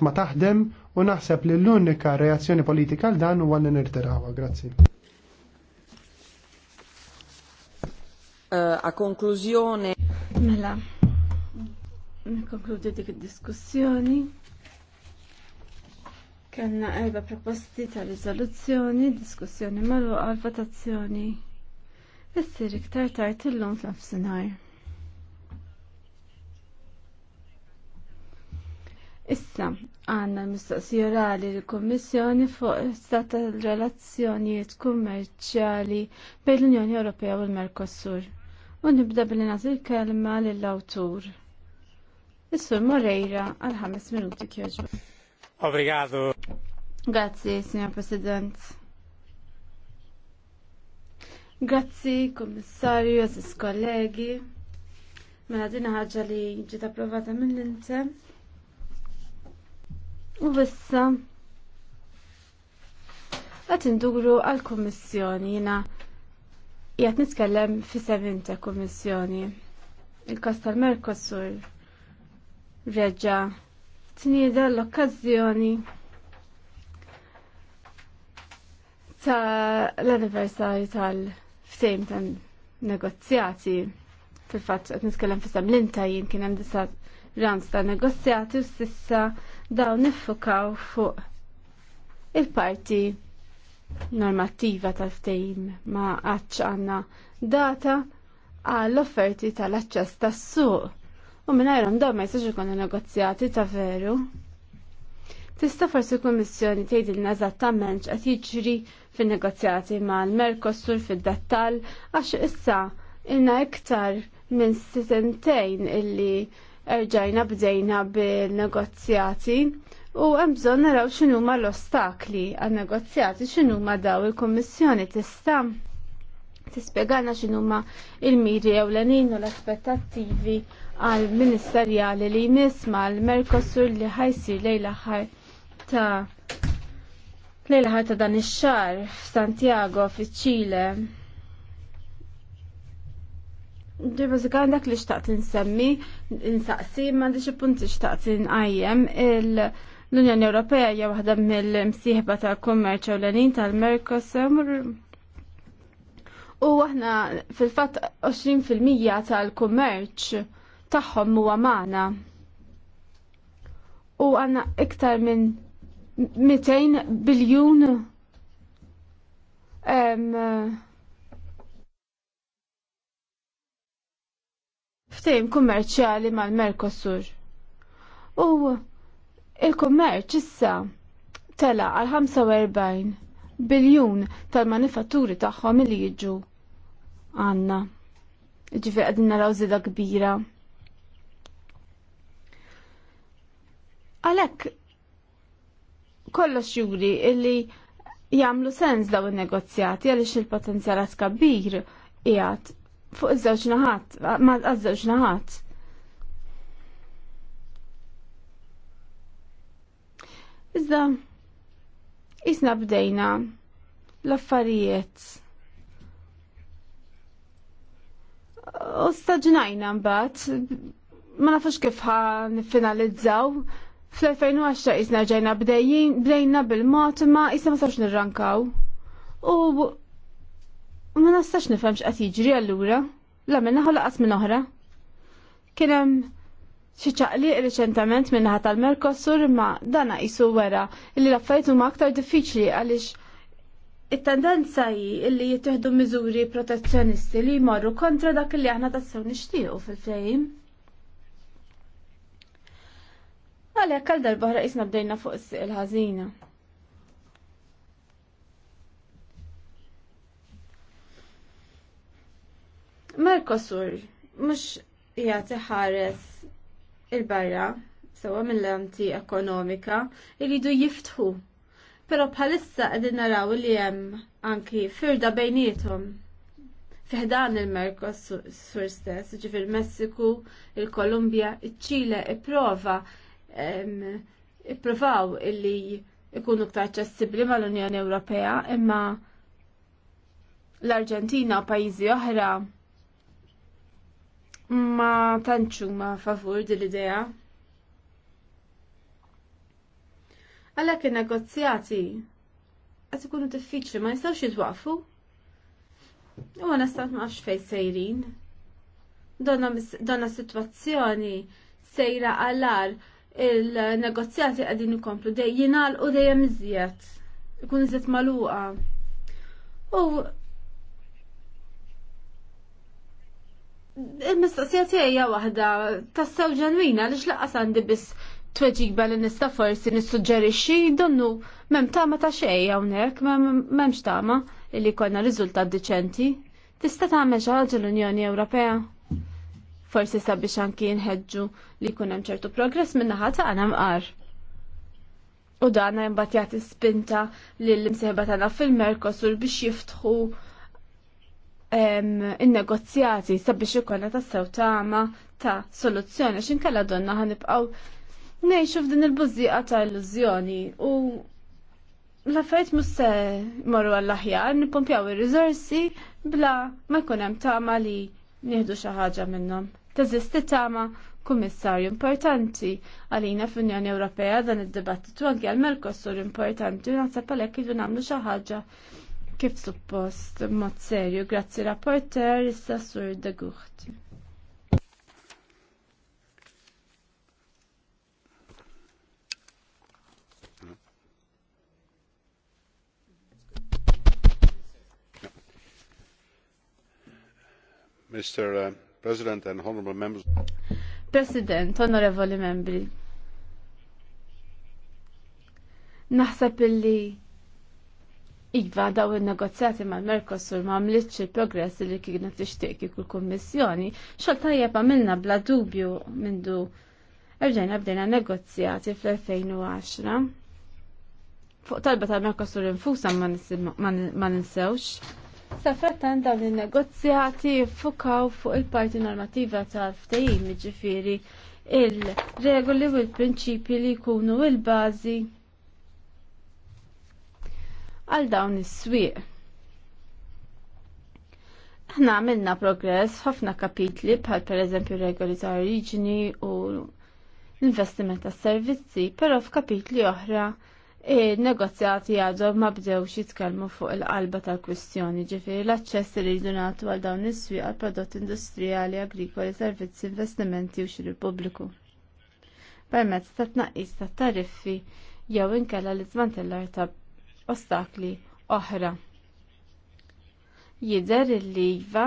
ma taħdem u naħseb li l-unika reazzjoni politika għal dan huwa li nirtirawha. Grazzi. Eh, a konklużjoni. Mela, nikonkludi dik id-diskussjoni. Kellna erba proposti ta' riżoluzzjoni, diskussjoni mal-votazzjoni. Issir iktar tard illum fl Issa, għanna mistoqsija orali l-Kommissjoni fuq stat l relazzjonijiet kummerċjali bejn l-Unjoni Ewropea u l-Merkosur. U nibda billi nagħti l-kelma lill-awtur. Is-Sur Moreira għal ħames minuti kjoġba. Obrigado. Grazzi, Signor President. Grazzi, Kommissarju, Aziz kollegi. Mela din ħaġa li ġiet approvata mill-Intem U vissa, għat induru għal-Kommissjoni jina jgħat niskellem fi sevinta Kommissjoni. Il-kas tal-Merkosur reġa tnieda l okkazzjoni ta' l-anniversarju tal-ftejm ta' negozjati fil-fatt qed nitkellem fisem l-inta jien kien hemm disa rams ta' negozjati u sissa dawn niffukaw fuq il-parti normattiva tal ftejn ma għadx għanna data għall-offerti tal-aċċess tas-suq u minnajrom dawn ma jistax ikunu negozjati ta' veru. Tista' forsi kummissjoni tgħidilna eżattament qed jiġri fin-negozjati mal-Mercosur fid-dettall għax issa ilna iktar minn sitentejn illi erġajna bdejna bil-negozjati u hemm bżonn naraw x'inhuma l-ostakli għan-negozjati x'inhuma daw il-Kummissjoni tista' tispjegana x'inhuma il-miri jewlenin u l-aspettattivi għal ministerjali li nisma' l merkosur li ħajsir lejn ta' lejn ta' dan ix-xahar f'Santiago fiċ-Ċile. Ġibbażikan għandak li xtaqt insemmi, insaqsi, ma xi punti xtaqt inqajjem l-Unjoni Ewropea hija waħda mill-msieħba tal-kummerċ ewlenin tal-Mercosur. U aħna fil-fatt 20% tal-kummerċ tagħhom huwa magħna. U għanna iktar minn 200 biljun ftehim kummerċjali mal-Mercosur. U il-kummerċ issa tela għal 45 biljun tal-manifatturi tagħhom li jiġu għandna, Ġifi għadin naraw zida kbira. Għalek, kollox juri illi jamlu sens daw il-negozjati għalix il-potenzjalat kbir jgħat fuq iż-żewġ naħat, ma iż-żewġ naħat. Iżda, isna bdejna l-affarijiet. U staġnajna mbagħad ma nafux kif ħa nifinalizzaw. Fl-2010 isna ġejna bdejna bil-mod ma isna ma sabx nirrankaw. U U ma nistax nifhem x'qed jiġri allura, la minn naħa laqas minn oħra. Kien hemm xi ċaqliq riċentament min naħa tal-Merkosur imma dan qisu wera li l-affarijiet huma aktar diffiċli għaliex it-tendenza hi li jittieħdu miżuri protezzjonisti li jmorru kontra dak li aħna tassew nixtiequ fil-fejn. Għalhekk għal darba ħraqisna bdejna fuq is-siq il-ħażina. Mercosur mhux jagħti ħares il-barra sewa mill-anti ekonomika iridu jiftħu. Però bħalissa qegħdin naraw li hemm anki firda bejnietom fiħdan il-Mercosur stess, ġifir il-Messiku, il-Kolumbja, il-ċile, il prova il provaw illi ikunu ktar ċessibli mal-Unjoni Ewropea, imma l-Arġentina u pajizi oħra ma tantxu ma favur din l-idea. Għalhekk in-negozjati qed ikunu diffiċli ma jistgħux jitwaqfu. U għana stat nafx fej sejrin. Donna situazzjoni sejra għallar il-negozjati għadin ikomplu dej u dejjem iżjed. Ikun iżjed maluqa. U Il-mistoqsija tiegħi waħda tassew ġenwina għaliex laqqas għandi biss tweġiba li nista' forsi nissuġġerixxi donnu m'hemm tama ta' xejn hawnhekk m'hemmx tama li konna riżultat diċenti. Tista' tagħmel xi ħaġa l-Unjoni Ewropea? Forsi sabiex anki nħeġġu li jkun hemm ċertu progress minn naħa ta' mqar. U dan imbagħad jagħti spinta lill imsieħba tagħna fil-Merkosur biex jiftħu in-negozjati sabiex ikolna tassew tama ta' soluzzjoni x'inkella donna ħanibqgħu ngħixu f'din il-bużieqa ta' illużjoni u l-affarijiet mhux se jmorru għall-aħjar nippompjaw ir rizorsi bla ma jkun hemm tama li nieħdu xi ħaġa minnhom. Teżisti tama kummissarju importanti għalina fl-Unjoni Ewropea dan id-dibattitu għal għal-Merkosur importanti u naħseb għalhekk idu nagħmlu xi ħaġa kif suppost mod serju. Grazzi rapporter issa sur de Gucht. Mr. Uh, President and honorable members. President, onorevoli membri. Naħseb illi Iva daw il-negozjati mal mercosur ma mlitx il-progress li kienet tixtieq kif il-Kummissjoni, xogħol tajjeb għamilna bla dubju mindu erġajna bdejna negozjati fl-2010. Fuq talba tal mercosur infusa ma ninsewx. Safrattan dawn il-negozjati fukaw fuq il-parti normativa tal-ftehim, ġifiri il-regoli u l-prinċipi li jkunu il-bażi il bazi bażi għal dawn is-swieq. Aħna għamilna progress ħafna kapitli bħal pereżempju regoli ta' oriġini u l-investiment ta' servizzi, però f'kapitli oħra il-negozjati għadhom ma bdewx jitkellmu fuq il-qalba tal-kwistjoni, ġifieri l-aċċess li jridu nagħtu għal dawn is-swieq għal prodotti industrijali, agrikoli, servizzi, investimenti u xiri pubbliku. Permezz ta' tnaqqis ta' tariffi jew inkella l-iżmantellar ta' ostakli oħra. Jider il-liva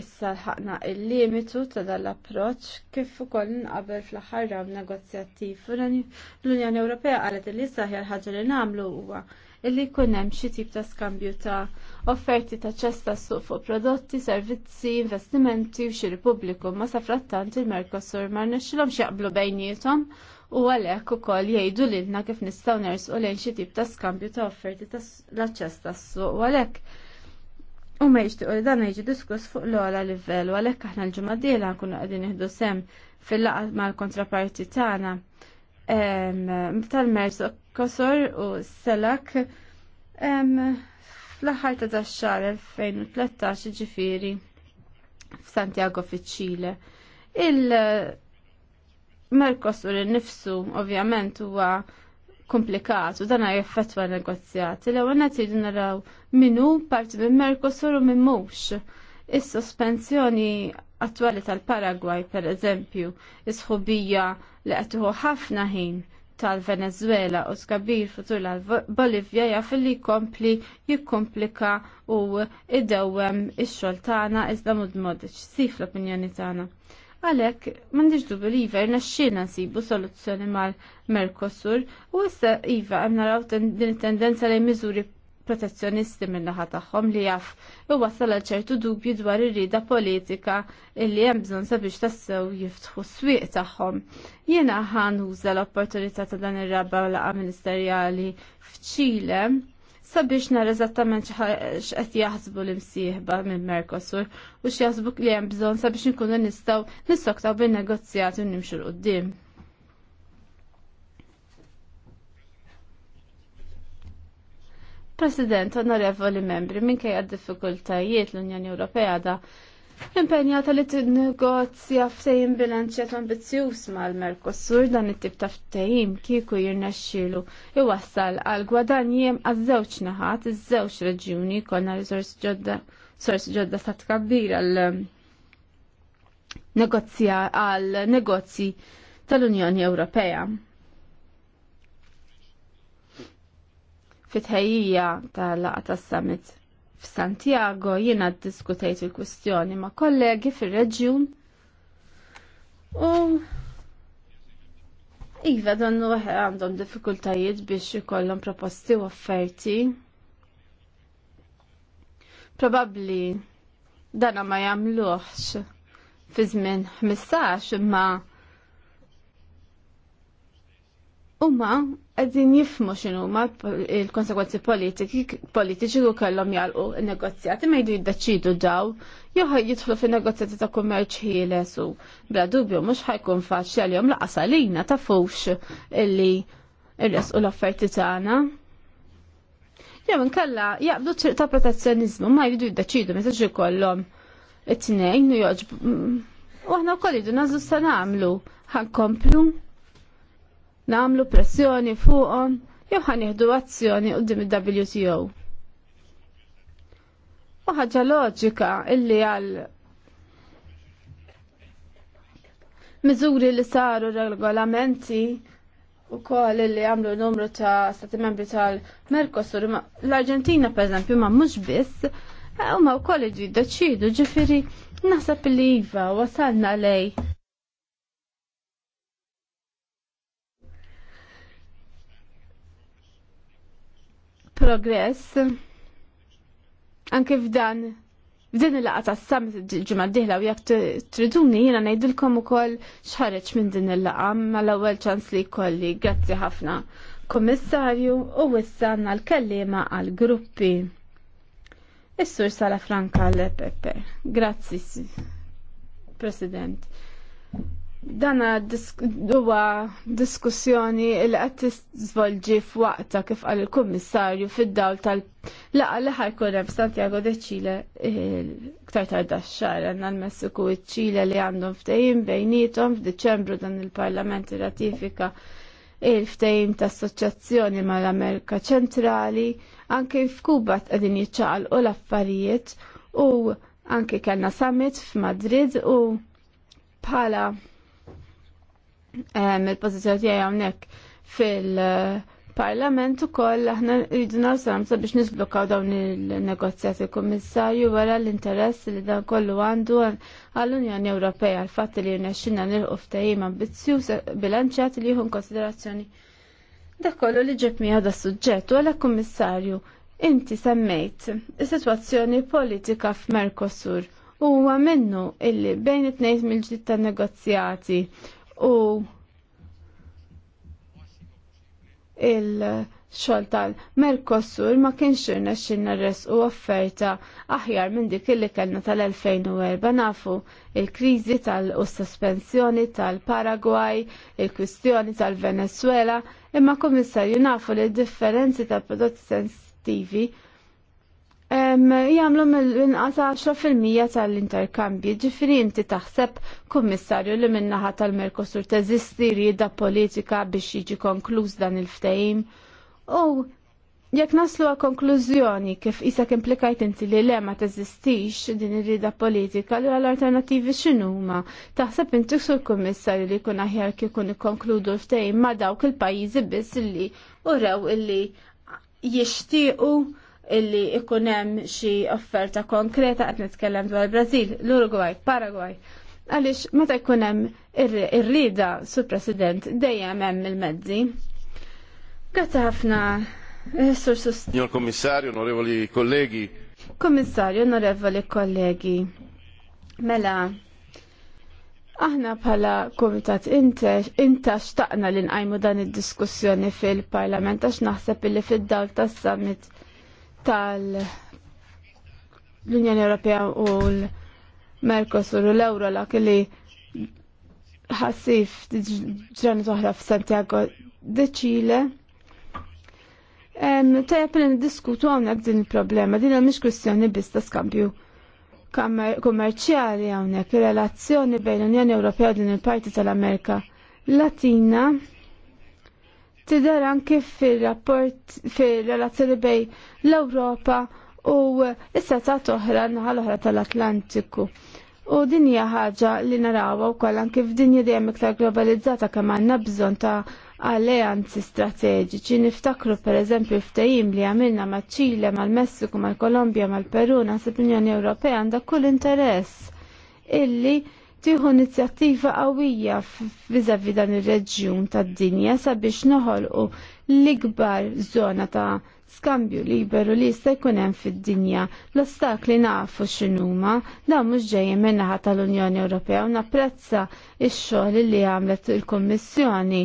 issa ħakna il-limitu ta' dal-approċ kif ukoll nqabel fl-aħħar rawn negozjattiv l-Unjoni Ewropea qalet li saħjar ħaġa li nagħmlu huwa illi jkun hemm xi tip ta' skambju ta' offerti ta' ċesta suq fuq prodotti, servizzi, investimenti u xi pubbliku ma sa frattant il-Mercosur ma rnexxilhom jaqblu bejniethom u għalhekk ukoll jgħidu lilna kif nistgħu nersqu lejn xi tip ta' skambju ta' offerti ta' l-aċċess tas-suq u għalhekk U meġti u li dan jiġi diskuss fuq l għala livell u għalhekk aħna l-ġimgħa kunu nkunu qegħdin sem fil-laqgħa mal-kontraparti tagħna tal-Merz Kosor u s Selak fl-aħħar ta' tax 2013 ġifiri f f'Santiago fi ċile Il- Mercosur innifsu ovvjament huwa komplikat u dan jaffetwa negozjati. L-ewwel qed naraw naraw minu parti minn Mercosur u minn mhux. Is-sospensjoni attwali tal-Paragwaj pereżempju, is-sħubija li qed tieħu ħafna ħin tal-Venezuela u skabir futur l-Bolivja jaf li kompli jikkomplika u idewwem ix-xoltana iżda mud modiċ, sif l-opinjoni tagħna. Għalek, mandiġ dubi li Iva, naxxina nsibu soluzzjoni mal-Merkosur u issa Iva, għamna naraw din tendenza li miżuri protezzjonisti mill-naħa tagħhom li jaf u wasal għal ċertu dubju dwar ir-rida politika li hemm bżonn sabiex tassew jiftħu swieq tagħhom. Jiena ħanuża l-opportunità ta' dan ir-rabba laqa ministerjali f'Ċile sabiex nara eżattament x'qed jaħsbu l-imsieħba minn Mercosur u x'jaħsbu li hemm bżonn sabiex inkunu nistgħu nissoktaw bin-negozjati u nimxu l qudiem President, onorevoli membri, minkejja d-diffikultajiet l-Unjoni Ewropea da impenjata li t-negozja ftejim bilanċjat ambizzjuż mal-Merkosur dan it-tip ta' ftejim kieku jirnexxilu iwassal għal gwadanjiem għaż-żewġ naħat, iż-żewġ reġjuni konna risors ġodda sors ġodda ta' tkabbir għal um, negozja għal negozji tal-Unjoni Ewropea. Fitħejjija tal laqta tas-summit F'Santiago jiena diskutejt il-kwistjoni ma' kollegi fir-reġjun u Iva dannu għandhom diffikultajiet biex ikollhom proposti u offerti. Probabbli dana ma jagħmluhx fi żmien 15 imma huma għedin jifmu xinu ma il-konsekwenzi politiċi u kellom jalqu negozjati ma jidu jiddeċidu daw joħ jidħlu fi negozjati ta' kummerċ ħieles u bla dubju mux ħajkun faċli għal-jom laqasalina ta' fux illi il u l-offerti tagħna. Jew inkella jaqbdu triq ta' protezzjonizmu ma jridu jiddeċidu meta ġi kollhom it-tnejn u jogħġbu U aħna wkoll jridu nażlu se nagħmlu ħankomplu namlu pressjoni fuqhom jew ħanieħdu azzjoni qudiem il-WTO. U ħaġa loġika illi għal miżuri li saru regolamenti u koll li għamlu numru ta' stati membri tal mercosur l-Argentina per eżempju ma' mux biss, eh, u ma' u koll ġi daċidu ġifiri nasab li jiva wasalna lej progress anke f'dan f'din il-laqa ta' summit ġimgħa d u jekk triduni jiena ngħidilkom ukoll x'ħareġ minn din il-laqa mal-ewwel mela ċans li jkolli. Grazzi ħafna Kommissarju u issa għandna l-kellima għal gruppi. Is-sur Sala Franka l Grazzi, President. Dana huwa diskussjoni li qed tiżvolġi f'waqta kif qal il-Kummissarju fid-dawl tal-laqa li ħajkun hemm Santiago de Chile eh, iktar tard dax-xahar għandna l-Messiku u ċ-Ċile li għandhom ftehim bejnietom f'Diċembru dan il-Parlament ratifika il-ftehim ta' assoċjazzjoni mal-Amerika Ċentrali anke f'Kuba qegħdin jiċċaqalqu l-affarijiet u anke kellna summit f'Madrid u bħala il-pozizjoni tiegħi hawnhekk fil-Parlament ukoll aħna rridu nawsam sabiex nisblukaw dawn il-negozjati kummissarju wara l-interess li dan kollu għandu għall-Unjoni Ewropea għal fatt li rnexxinna nilqu ftehim ambizzjuż bilanċjat li jieħu konsiderazzjoni dak kollu li ġeb miegħu da suġġett u għalhekk kummissarju inti semmejt is-sitwazzjoni politika f'Mercosur huwa minnu illi bejn it-tnejn mill-ġdid tan-negozjati u il-xol tal-Merkosur ma kienx irna xinna res u offerta aħjar minn dik illi kellna tal-2004 nafu il-krizi tal- u sospensjoni tal-Paraguay, il-kwistjoni tal-Venezuela, imma komissarju nafu li differenzi tal-prodotti sensitivi jagħmlu mill-inqas 10% tal-interkambji. Ġifiri inti taħseb kummissarju li min-naħa tal-Merkosur teżisti rieda politika biex jiġi konkluż dan il-ftehim. U jekk naslu għal konklużjoni kif isak implikajt inti li le ma teżistix din ir-rida politika, li għal alternativi x'inhuma? Taħseb inti sur kummissarju li jkun aħjar kif ikun ikkonkludu ftehim ma dawk il-pajjiżi biss li u rew illi jixtiequ illi ikun hemm xi offerta konkreta qed nitkellem dwar il-Brażil, l-Uruguay, Paraguay. Għaliex meta jkun hemm ir-rida sur President dejjem hemm il-mezzi. Grazzi ħafna eh, Sur Signor Kommissarju, onorevoli kollegi. Kommissarju, onorevoli kollegi. Mela, Aħna bħala komitat inta xtaqna li nqajmu dan id-diskussjoni fil-parlament għax naħseb illi fid-dawl tas-summit tal-Unjoni Ewropea u l-Mercosur u l-Euro la kelli ħassif ġranet oħra f'Santiago de Chile. Tajab n diskutu għawnek din il-problema, din mhix kwistjoni biss ta' skambju kummerċjali hawnhekk ir relazzjoni bejn l-Unjoni Ewropea u din il-Parti tal-Amerika Latina tidher anke fir-rapport fir-relazzjoni bej l-Ewropa u is-setat oħra naħa l-oħra tal-Atlantiku. U din hija ħaġa li narawha wkoll anke f'dinja dejjem iktar globalizzata kemm għandna bżonn ta' alleanzi strateġiċi niftakru per eżempju li għamilna ma' ċile, mal messiku mal kolombja mal peru nasib l-Unjoni Ewropea għandha kull interess illi tieħu inizjattiva qawwija viżavi dan ir-reġjun tad-dinja sabiex noħolqu l-ikbar żona ta' skambju liberu li jista' jkun hemm fid-dinja. L-ostakli nafu x'inhuma dawn mhux ġejjin min-naħa tal-Unjoni Ewropea u napprezza x-xogħol li għamlet il-Kummissjoni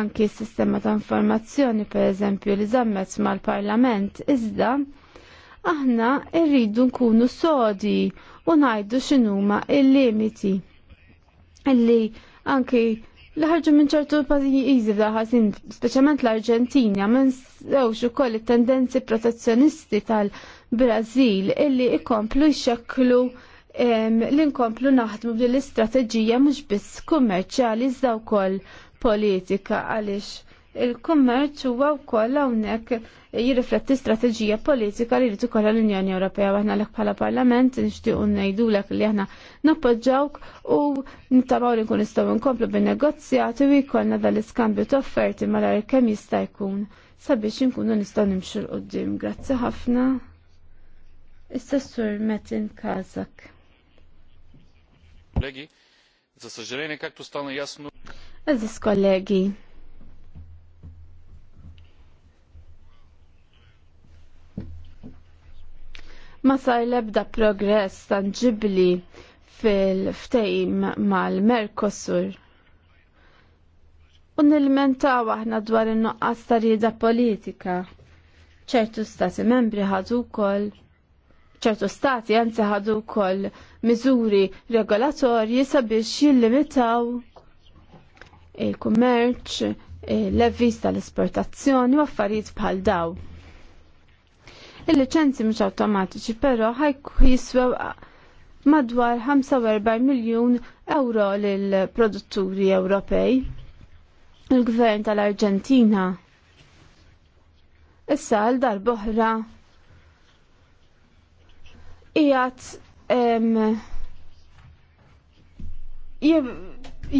anki s-sistema ta' informazzjoni pereżempju li żammet mal-Parlament iżda aħna irridu nkunu sodi u ngħidu x'inhuma il-limiti illi anki li ħarġu minn ċertu pajjiżi daħasin, speċjalment l-Arġentina, minn sewx ukoll it-tendenzi protezzjonisti tal-Brażil illi ikomplu jxekklu li nkomplu naħdmu bil-istrateġija mhux biss kummerċali iżda wkoll politika għaliex il-kummerċ huwa wkoll hawnhekk jirrifletti strateġija politika li rritu kolla l-Unjoni Ewropea aħna l bħala Parlament nixtiequ ngħidulek li aħna nappoġġawk u nittabaw li nkun istaw nkomplu bin-negozjati u jkollna dal-iskambju ta' offerti malar kemm jista' jkun sabiex inkunu nistgħu nimxu l qudiem Grazzi ħafna. Issa sur Metin Kazak. Kollegi, za kaktu stana jasnu. Aziz kollegi, ma sar lebda progress tangibli fil-ftejm mal-Merkosur. U nilmentaw aħna dwar in-nuqqas tarida politika. ċertu stati membri ħadu wkoll ċertu stati għanzi ħadu wkoll miżuri regolatorji sabiex jillimitaw il-kummerċ, il-levis tal-esportazzjoni u affarijiet bħal daw. Il-licenzi mhux awtomatiċi però ħajku jiswew madwar 45 miljun euro lil produtturi Ewropej. Il-gvern tal-Arġentina issa għal darboħra ijat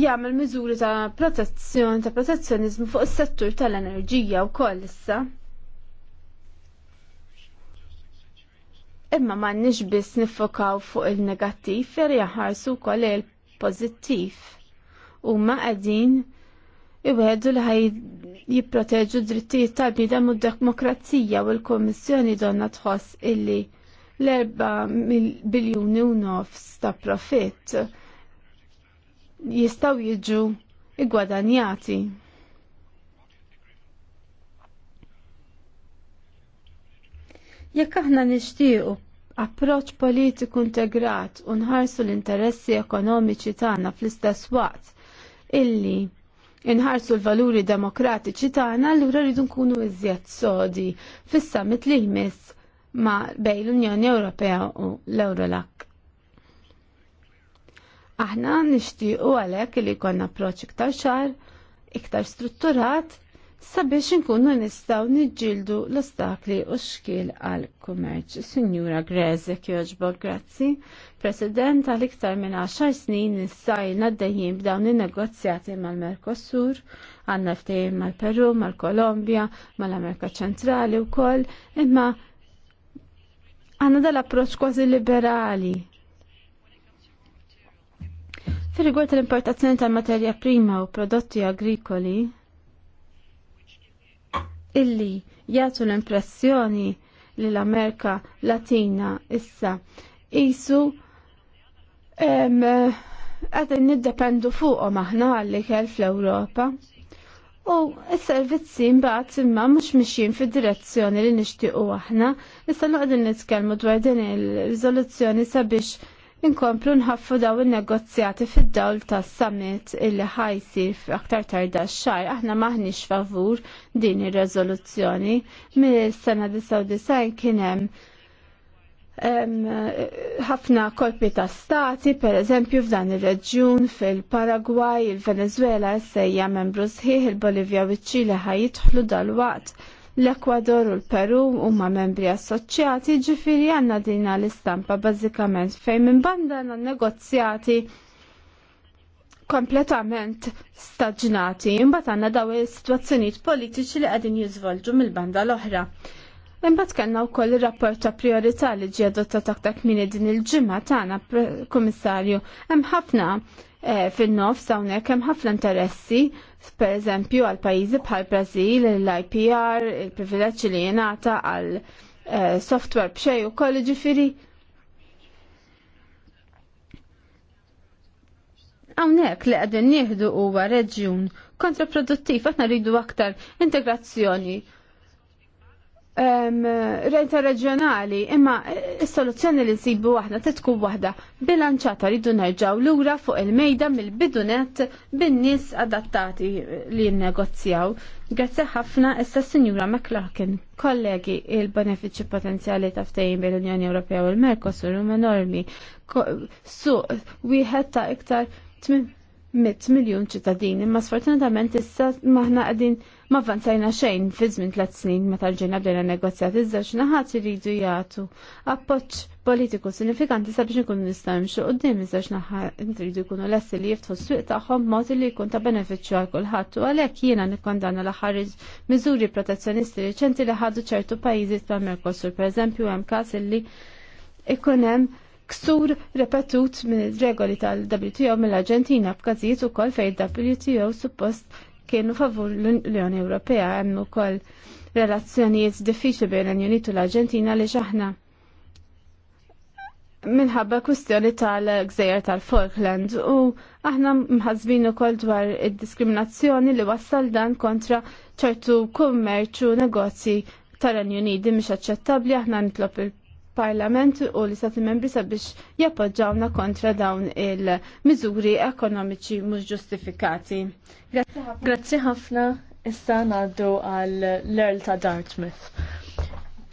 jagħmel miżuri ta' protezzjoni ta' protezzjonizmu fuq is-settur tal-enerġija wkoll issa. Imma m'għandniex biss nifokaw fuq il-negattiv fer jaħarsu wkoll il-pożittiv. ma qegħdin jubħedu li ħaj jipproteġu drittijiet tal-bniedem u d-demokrazija u l-Kummissjoni donna tħoss illi l-4 biljuni u nofs ta' profitt jistaw jiġu igwadanjati. Jekk aħna nixtiequ approċ politiku integrat u nħarsu l-interessi ekonomiċi tagħna fl-istess waqt illi inħarsu l-valuri demokratiċi tagħna allura rridu nkunu iżjed sodi fis-summit li jmiss ma' bejn l-Unjoni Ewropea u l-Eurolak. Aħna nixtiequ għalhekk li jkollna approċċ iktar xar, iktar strutturat sabiex inkunu nistaw niġġildu l-ostakli u xkil għal kummerċ. Signora Greze joġbog grazzi, President għal iktar minn 10 snin nissajna d-dajjim b'dawn il-negozjati mal-Merkosur, għanna ftejim mal-Peru, mal kolombia mal-Amerika ċentrali u koll, imma għanna dal-approċ kważi liberali Fil-rigward tal-importazzjoni tal-materja prima u prodotti agrikoli, illi jagħtu l-impressjoni li l-Amerika Latina issa isu għadin niddependu fuqhom aħna għall-ikel fl-Ewropa. U s-servizzi mbagħad imma mhux mxin fid-direzzjoni li nixtiequ aħna, issa noqogħdu nitkellmu dwar din il-riżoluzzjoni sabiex inkomplu nħaffu daw il-negozjati fid-dawl ta' summit illi ħajsir f'aktar tarda xar, aħna maħniex favur din ir-rezoluzzjoni. Mill-sena 99 kienem ħafna kolpi ta' stati, per eżempju f'dan ir-reġjun fil-Paragwaj, il-Venezuela, sejja membru sħiħ, il-Bolivja u ċ-Ċile ħajidħlu dal-waqt l-Ekwador u l-Peru huma membri assoċjati ġifiri għanna dina l-istampa bazzikament fejn minn banda għanna negozjati kompletament staġnati imbat għandna daw is-sitwazzjonijiet politiċi li qegħdin jiżvolġu mill-banda l-oħra. Imbagħad kellna wkoll ir-rapport ta' priorità li ġie adottat aktar kmieni din il-ġimgħa tagħna Kummissarju. Hemm ħafna eh, fin-nofs hawnhekk hemm ħafna interessi, pereżempju għal pajjiżi bħal Brażil, l-IPR, il-privileġġi li jingħata għal eh, software b'xejn ukoll ġifieri. Hawnhekk li qegħdin nieħdu huwa reġjun kontraproduttiv aħna rridu aktar integrazzjoni rejta reġjonali, imma s-soluzzjoni e, e, li nsibu waħda titku waħda bilanċata rridu nerġaw lura fuq il-mejda mill-bidunet bin-nies adattati li jinnegozjaw. Grazzi ħafna issa Sinjura McLaughlin. Kollegi, il-benefiċi potenzjali ta' ftehim bil-Unjoni Ewropea u l-Merkosur huma enormi. Suq wieħed ta' iktar 8 100 miljon ċittadini, ma sfortunatament issa maħna għadin ma vanzajna xejn fi żmien tliet snin meta ġejna bdejna negozjat iżda naħat iridu jagħtu appoġġ politiku sinifikanti sabiex nkunu nistgħu nimxu quddiem iżda x'naħat ntridu jkunu lesti li jiftħu s-swieq tagħhom mod li jkun ta' benefiċċju għal kulħadd u għalhekk jiena nikkondanna l-aħħar miżuri protezzjonisti riċenti li ħadu ċertu pajjiżi ta' Mercosur, pereżempju hemm każ illi ikun hemm ksur repetut minn regoli tal-WTO mill-Arġentina b'każijiet ukoll fejn WTO suppost kienu favur l-Unjoni Ewropea hemm ukoll relazzjonijiet diffiċli bejn l u l-Arġentina li xaħna minħabba kwistjoni tal-gżejjer tal-Falkland u aħna mħazbin ukoll dwar id-diskriminazzjoni li wassal dan kontra ċertu kummerċu negozji tal-Unjoni di mhix aċċettabbli aħna nitlob il parlament u l-istati membri sabiex jappoġġawna kontra dawn il mizuri ekonomiċi mhux ġustifikati. Grazzi ħafna. Issa ngħaddu għall l-Earl ta' Dartmouth.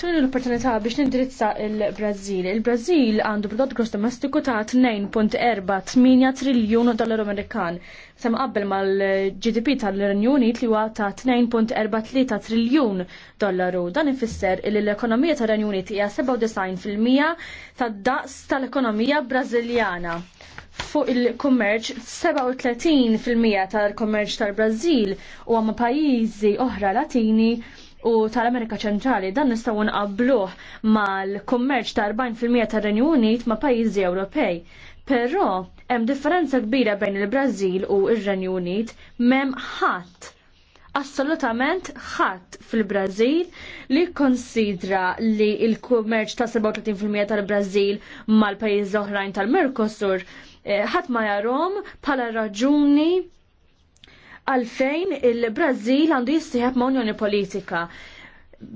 Tuni l-opportunità biex nindirizza il brazil il brazil għandu prodott gross domestiku ta' 2.48 triljun dollaru Amerikan. Sem qabbel mal-GDP tal-Renju Unit li huwa ta' 2.43 triljun dollaru. Dan ifisser li l-ekonomija tal-Renju Unit hija 97% tad-daqs tal-ekonomija Brażiljana. Fuq il-kummerċ, 37% tal-kummerċ tal-Brażil u ma' pajjiżi oħra Latini u tal-Amerika ċentrali dan nistgħu nqabluh mal-kummerċ ta' 40% tar-Renju Unit ma' pajjiżi Ewropej. Però hemm differenza kbira bejn il-Brażil u r-Renju Unit m'hemm ħadd assolutament ħadd fil-Brażil li konsidra li l kummerċ ta' 37% tal-Brażil mal-pajjiżi oħrajn tal-Mercosur eh, ħadd ma jarhom bħala raġuni għalfejn il-Brażil għandu jistieħeb ma' Unjoni Politika.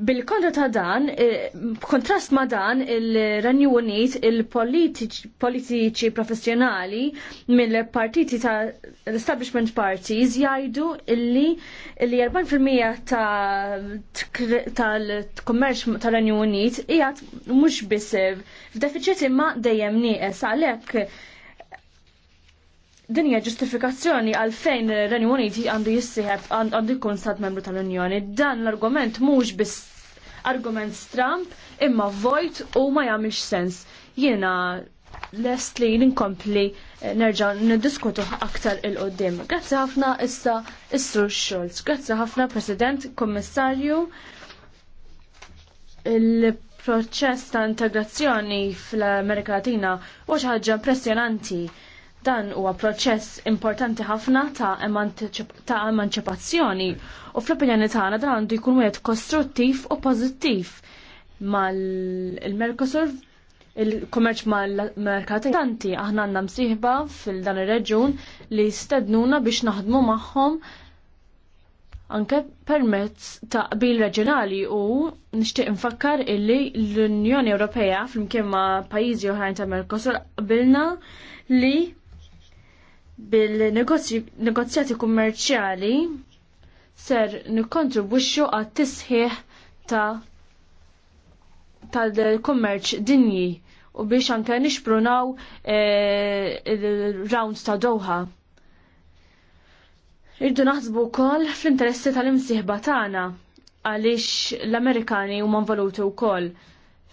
Bil-kontra ta' dan, eh, kontrast ma' dan il-Renju Unit il-politiċi professjonali mill-partiti ta' l-establishment parties jgħidu illi li 40% tal-kommerċ tal-Renju Unit jgħat mux bisev f'deficit imma dejjem nieqes għalhekk din hija ġustifikazzjoni għal fejn renju Uniti għandu jissieħeb għandu jkun stat membru tal-Unjoni. Dan l-argument mhux biss argument stramp imma vojt u ma jagħmilx sens. Jiena lest li ninkompli eh, nerġa' niddiskutu aktar il-qoddim. Grazzi ħafna issa Issur Schulz. Grazzi ħafna President, Kommissarju. Il-proċess ta' integrazzjoni fl-Amerika Latina huwa xi ħaġa impressjonanti Dan huwa proċess importanti ħafna ta' emanċipazzjoni u fl-opinjoni tagħna dan għandu jkun wieħed kostruttiv u pożittiv mal-Mercosur il-kommerċ mal-merkati tanti aħna għandna msiħba fil-dan ir-reġun li stednuna biex naħdmu magħhom anke permezz ta' qbil reġjonali u nixtieq nfakkar illi l-Unjoni Ewropea flimkien ma' pajjiżi oħrajn ta' Mercosur qbilna li bil-negozjati kummerċjali ser nikkontribwixxu għat tisħiħ ta' tal-kummerċ dinji u biex anke nixprunaw eh, il-rounds ta' Doha. Irdu naħsbu wkoll fl-interessi tal-imsieħba tagħna għaliex l-Amerikani huma u wkoll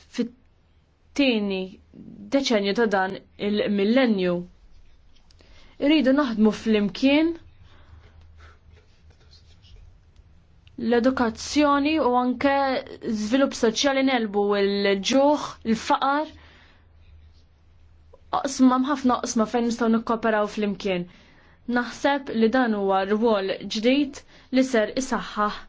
fit-tieni deċenju ta' dan il-millenju. Irridu naħdmu fl-imkien l-edukazzjoni u anke żvilupp soċjali nelbu l-ġuħ, il-faqar. Oqsma mħafna oqsma fejn nistgħu nikkoperaw fl-imkien. Naħseb li dan huwa rwol ġdid li ser isaħħaħ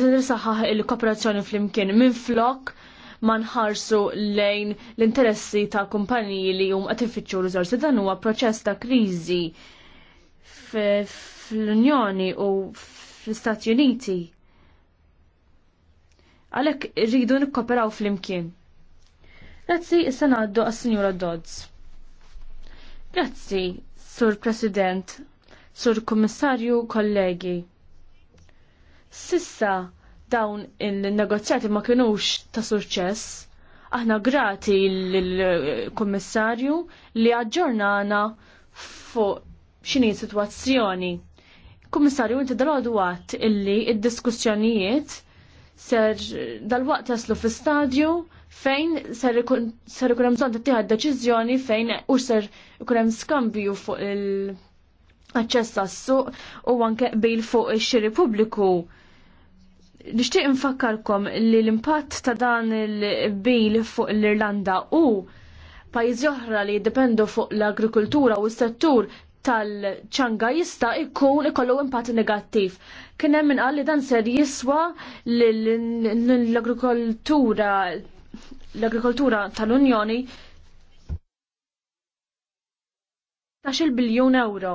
ser isaħħaħ il-kooperazzjoni fl-imkien minn flok ma nħarsu lejn l-interessi ta' kumpaniji li hum qed ifittxu riżorsi dan huwa proċess ta' kriżi fl-Unjoni u fl-Istati Uniti. Għalhekk irridu nikkoperaw flimkien. Grazzi, issa ngħaddu għas-Sinjura Dodds. Grazzi, Sur President, Sur Kummissarju, kollegi. Sissa, dawn il-negozjati ma kienux ta' suċċess. Aħna grati l-Kommissarju li aġġornana fuq xini situazzjoni. Kommissarju, inti dal-għadu għat illi id-diskussjonijiet ser dal-waqt jaslu fi stadju fejn ser ikun hemm bżonn tittieħed deċiżjoni fejn u ser ikun hemm skambju fuq il-aċċess għas-suq u anke bil fuq ix-xiri pubbliku Nixtieq nfakkarkom li l-impatt ta' dan il-bil fuq l-Irlanda u pajjiżi oħra li jiddependu fuq l-agrikultura u s-settur tal-ċanga jista' jkun ikollu impatt negattiv. Kien hemm inqal li dan ser jiswa l-agrikoltura l-agrikoltura tal-Unjoni ta' il biljun euro.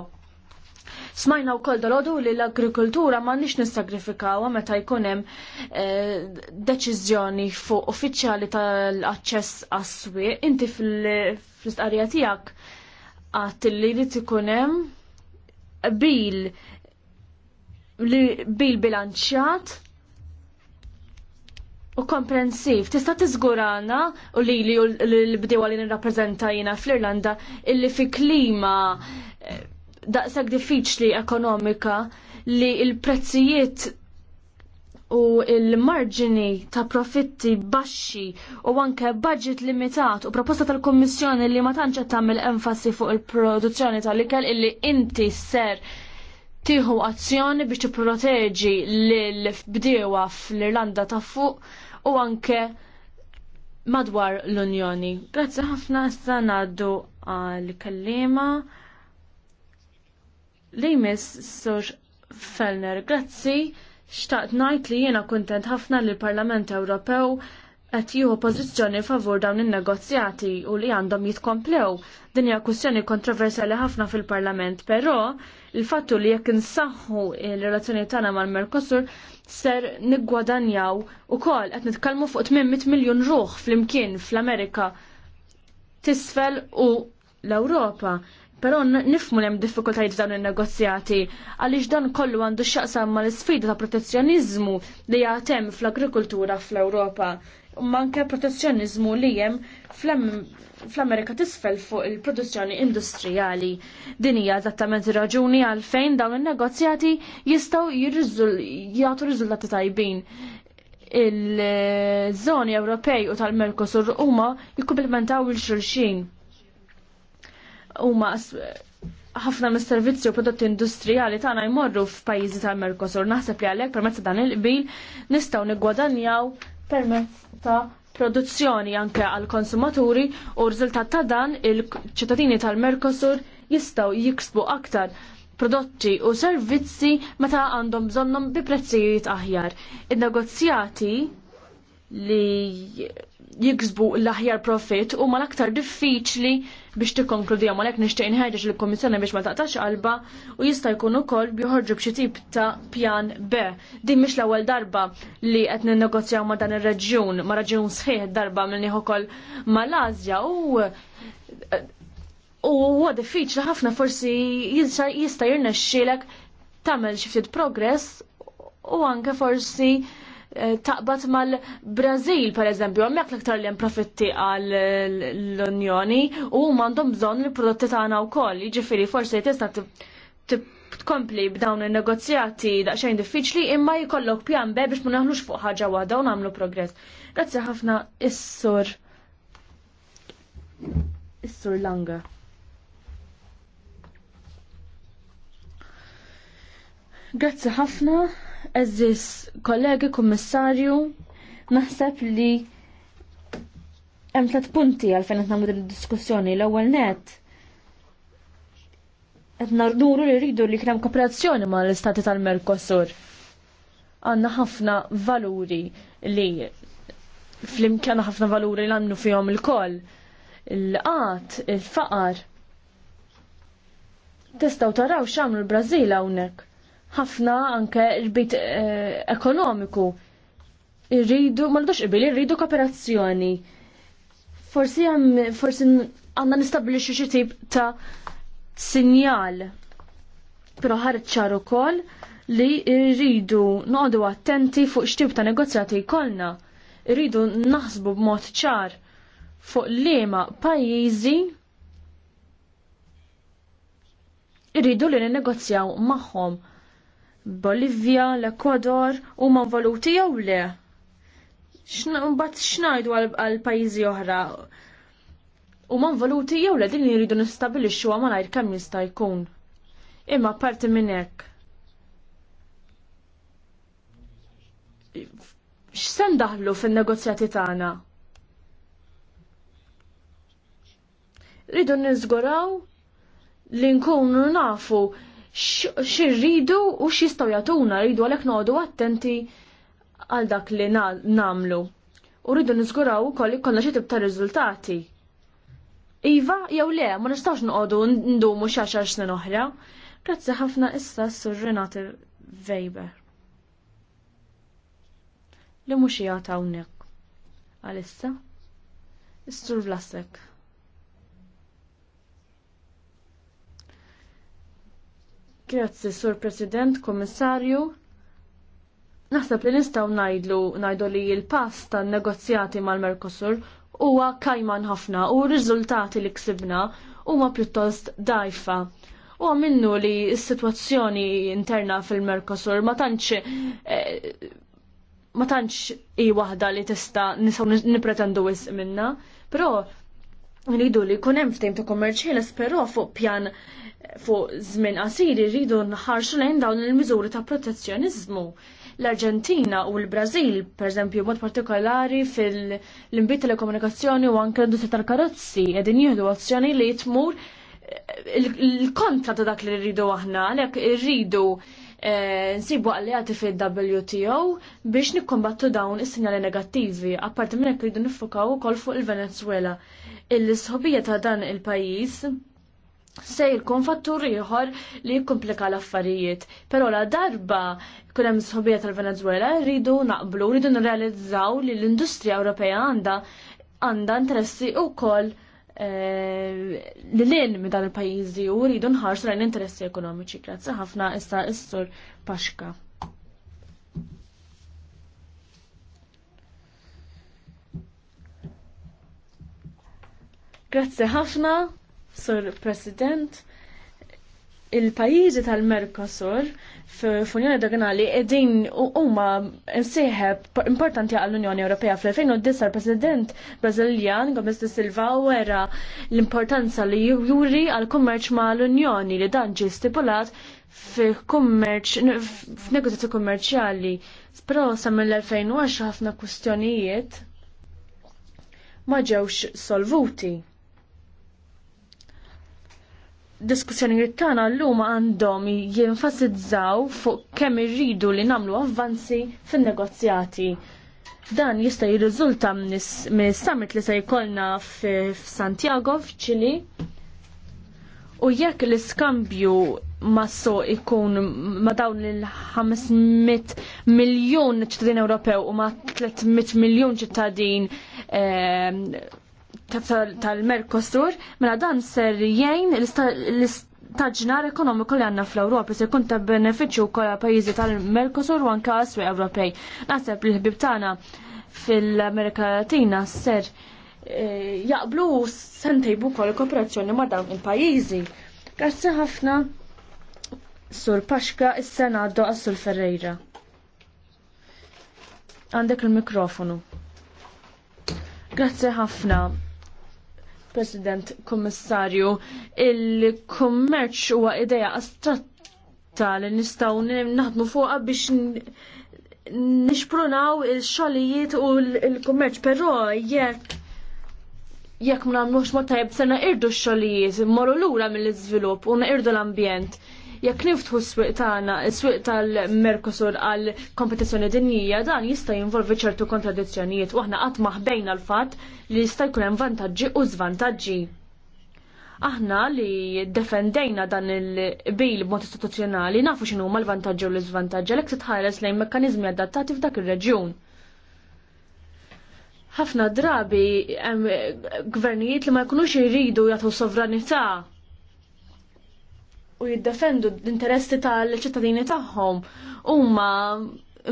Smajna wkoll dolodu li l-agrikoltura m'għandniex nistagrifikaw meta jkun hemm eh, deċiżjoni fuq uffiċjali tal-aċċess għas-swieq. Inti fl istqarja tiegħek għat li li ikun hemm bil bil bilanċjat u komprensiv. Tista tiżgurana u li li li bdewa li nirrappreżenta jina fl-Irlanda illi fi klima eh, Daqsak diffiċli ekonomika li il-prezzijiet u il-marġini ta' profitti baxxi u anke budget limitat u proposta tal-Kommissjoni li ma tantx qed tagħmel enfasi fuq il-produzzjoni tal-ikel illi inti ser tieħu azzjoni biex tipproteġi lill-bdiewa fl-Irlanda ta' fuq u anke madwar l-Unjoni. Grazzi ħafna issa ngħaddu għal-kallima li jmiss Sur Fellner, grazzi, xtaqt najt li jiena kuntent ħafna li l-Parlament Ewropew qed jieħu pożizzjoni favur dawn in-negozjati u li għandhom jitkomplew. Din hija kwistjoni kontroversjali ħafna fil-Parlament, però il-fattu li jekk insaħħu il-relazzjoni tagħna mal-Merkosur ser niggwadanjaw ukoll qed nitkellmu fuq 800 miljun ruħ flimkien fl-Amerika tisfel u l-Ewropa. Però nifmu hemm diffikultajiet f'dawn in-negozjati għaliex dan kollu għandu x'jaqsam mal sfida ta' protezzjonizmu li hemm fl-agrikoltura fl-Ewropa. Manke protezzjonizmu li hemm fl-Amerika tisfel fuq il-produzzjoni industrijali. Din hija eżattament ir raġuni għalfejn dawn in-negozjati jistgħu jagħtu riżultati tajbin il-żoni Ewropej u tal-Merkosur huma jikkumplementaw il-xulxin huma ħafna mis-servizzi u prodotti industrijali tagħna jmorru f'pajjiżi tal-Merkosur. Naħseb li għalhekk permezz dan il-qbil nistgħu niggwadanjaw permezz ta' produzzjoni anke għal konsumaturi u riżultat ta' dan il-ċittadini tal-Merkosur jistgħu jiksbu aktar prodotti u servizzi meta għandhom bżonnhom bi prezzijiet aħjar. In-negozjati li jiksbu l-aħjar profit u ma l-aktar diffiċli biex tikkonkludi għamma l-ek ħedġ nħedġ l-Komissjoni biex ma taqtax qalba u jista' jkun ukoll biħorġu b'xi tip ta' pjan B. Din mhix l-ewwel darba li qed ninnegozjaw ma' dan ir-reġjun, ma' raġun sħiħ darba minn ukoll mal-Asja u u huwa diffiċli ħafna forsi jista' jirnexxielek tagħmel xi ftit progress u anke forsi Eh, taqbad mal-Brazil, per eżempju, għammek l-aktar li profitti għal l-Unjoni u mandom bżon li prodotti tagħna wkoll. Jiġifieri forsi tista' tkompli b'dawn il-negozjati daqsxejn diffiċli imma jkollok pjan be biex ma fuq ħaġa waħda u nagħmlu progress. Grazzi ħafna is-sur. Is-sur Langa. Grazzi ħafna eżis kollegi, kummissarju, naħseb li hemm tliet punti għalfejn qed nagħmlu diskussjoni l-ewwel net. Qed narduru li rridu li kien hemm kooperazzjoni mal-istati tal-Merkosur. Għandna ħafna valuri li fl-imkien ħafna valuri li għandu fihom il-koll. Il-qat, il-faqar. Tistgħu taraw x'għamlu l-Brażil hawnhekk ħafna anke rbit eh, ekonomiku. Irridu, ma rridux qbil, irridu kooperazzjoni. Forsi għam, forsi għandna nistabbilixxu xi tip ta' sinjal. Però ċaru ukoll li rridu noqogħdu attenti fuq x'tip ta' negozjati jkollna. Irridu naħsbu b'mod ċar fuq liema pajjiżi irridu li ninnegozjaw magħhom. Bolivja, l-Ekwador huma voluti jew le? Mbagħad x'ngħidu għal pajjiżi oħra? ma' voluti jew le din li jridu nistabilixxuha malajr kemm jista' jkun. Imma parti minn hekk. X'sen daħlu fin-negozjati tagħna? Ridu niżguraw li nkunu nafu xirridu u xistaw jatuna, rridu għalek nodu attenti għal dak li namlu. U rridu nizguraw u kolli konna xie ta' rizultati. Iva, jew le, ma nistawx noqdu ndumu xaxar snin oħra. Grazzi ħafna issa s-sur Renate Weber. Li mux jgħata unnek. Għalissa, s-sur Vlasek. Grazzi, Sur President, Kommissarju. Naħseb li nistgħu ngħidlu ngħidu li l-pass tan-negozjati mal-Mercosur huwa kajman ħafna u r-riżultati li ksibna huma pjuttost dajfa. U minnu li s-sitwazzjoni interna fil-Mercosur ma tantx eh, ma tantx i waħda li tista' nistgħu nipretendu wis minna, però rridu li jkun hemm ftehim ta' kummerċieles però fuq pjan fuq żmien qasir jridu nħarxu lejn dawn il-miżuri ta' protezzjoniżmu. L-Arġentina u l-Brażil, pereżempju, mod partikolari fil-imbit telekomunikazzjoni u anke l-industri tal-karozzi qegħdin jieħdu azzjoni li tmur eh, il-kontra ta' dak li rridu aħna, għalhekk irridu eh, nsibu għallijati fil-WTO biex nikkombattu dawn is-sinjali negattivi, apparti minn jekk rridu nifokaw ukoll fuq il-Venezuela. Il-sħobija ta' dan il-pajjiż se jkun fattur ieħor li jikkomplika l-affarijiet. Però la darba kun hemm sħobija tal-Venezuela rridu naqblu, rridu nirrealizzaw li l-industrija Ewropea għandha għandha interessi wkoll eh, li lin minn dan il-pajjiżi u rridu nħarsu lejn interessi ekonomiċi. Grazzi ħafna issa s-sur Paxka. Grazzi ħafna. Sur President, il-pajizi tal-Mercosur f'Unjoni Doganali edin huma msieħeb importanti għall-Unjoni Ewropea. Fl-2009 il-President Brazilian Gomez de Silva wera l-importanza li juri għal-kummerċ ma' l-Unjoni li dan ġi stipulat f'kummerċ f'negozjati kummerċjali. Però sa mill-2010 ħafna kwistjonijiet ma ġewx solvuti diskussjoni tagħna llum għandhom jinfasizzaw fuq kemm irridu li nagħmlu avvanzi fin-negozjati. Dan jista' jirriżulta minn summit li se jkollna f'Santiago f'Ċili u jekk l-iskambju ma so ikun ma dawn il-500 miljon ċittadin Ewropew u ma 300 miljon ċittadin eh, tal mercosur mela dan ser jgħin l-istaġnar ekonomiku li għanna fl-Europa, se kun ta' beneficju kol pajizi tal mercosur u anka aswi Ewropej. Naħseb li ħbib tagħna fil-Amerika Latina ser eh, jaqblu sentejbu kol kooperazzjoni ma' dawn il-pajizi. Grazzi ħafna Sur Paxka is-sena għaddu Sur Ferreira. Għandek il-mikrofonu. Grazzi ħafna, President Kommissarju, il-kummerċ huwa ideja astratta li nistgħu naħdmu fuqha biex nixprunaw il-xogħlijiet u l-kummerċ, però jekk jekk ma nagħmlux mod tajjeb se irdu x-xogħlijiet, immorru lura mill-iżvilupp u irdu l-ambjent jekk niftħu s-swiq tagħna, s-swiq tal-Mercosur għal kompetizzjoni dinjija, dan jista' jinvolvi ċertu kontradizzjonijiet u aħna qatt maħbejna l-fatt li jista' jkun hemm vantaġġi u żvantaġġi. Aħna li defendejna dan il-bil b'mod istituzzjonali nafu x'inhu huma l-vantaġġi u l-iżvantaġġi għalhekk titħares lejn mekkaniżmi adattati f'dak ir-reġjun ħafna drabi gvernijiet li ma jkunux jridu jagħtu sovranità u jiddefendu l-interessi tal-ċittadini tagħhom huma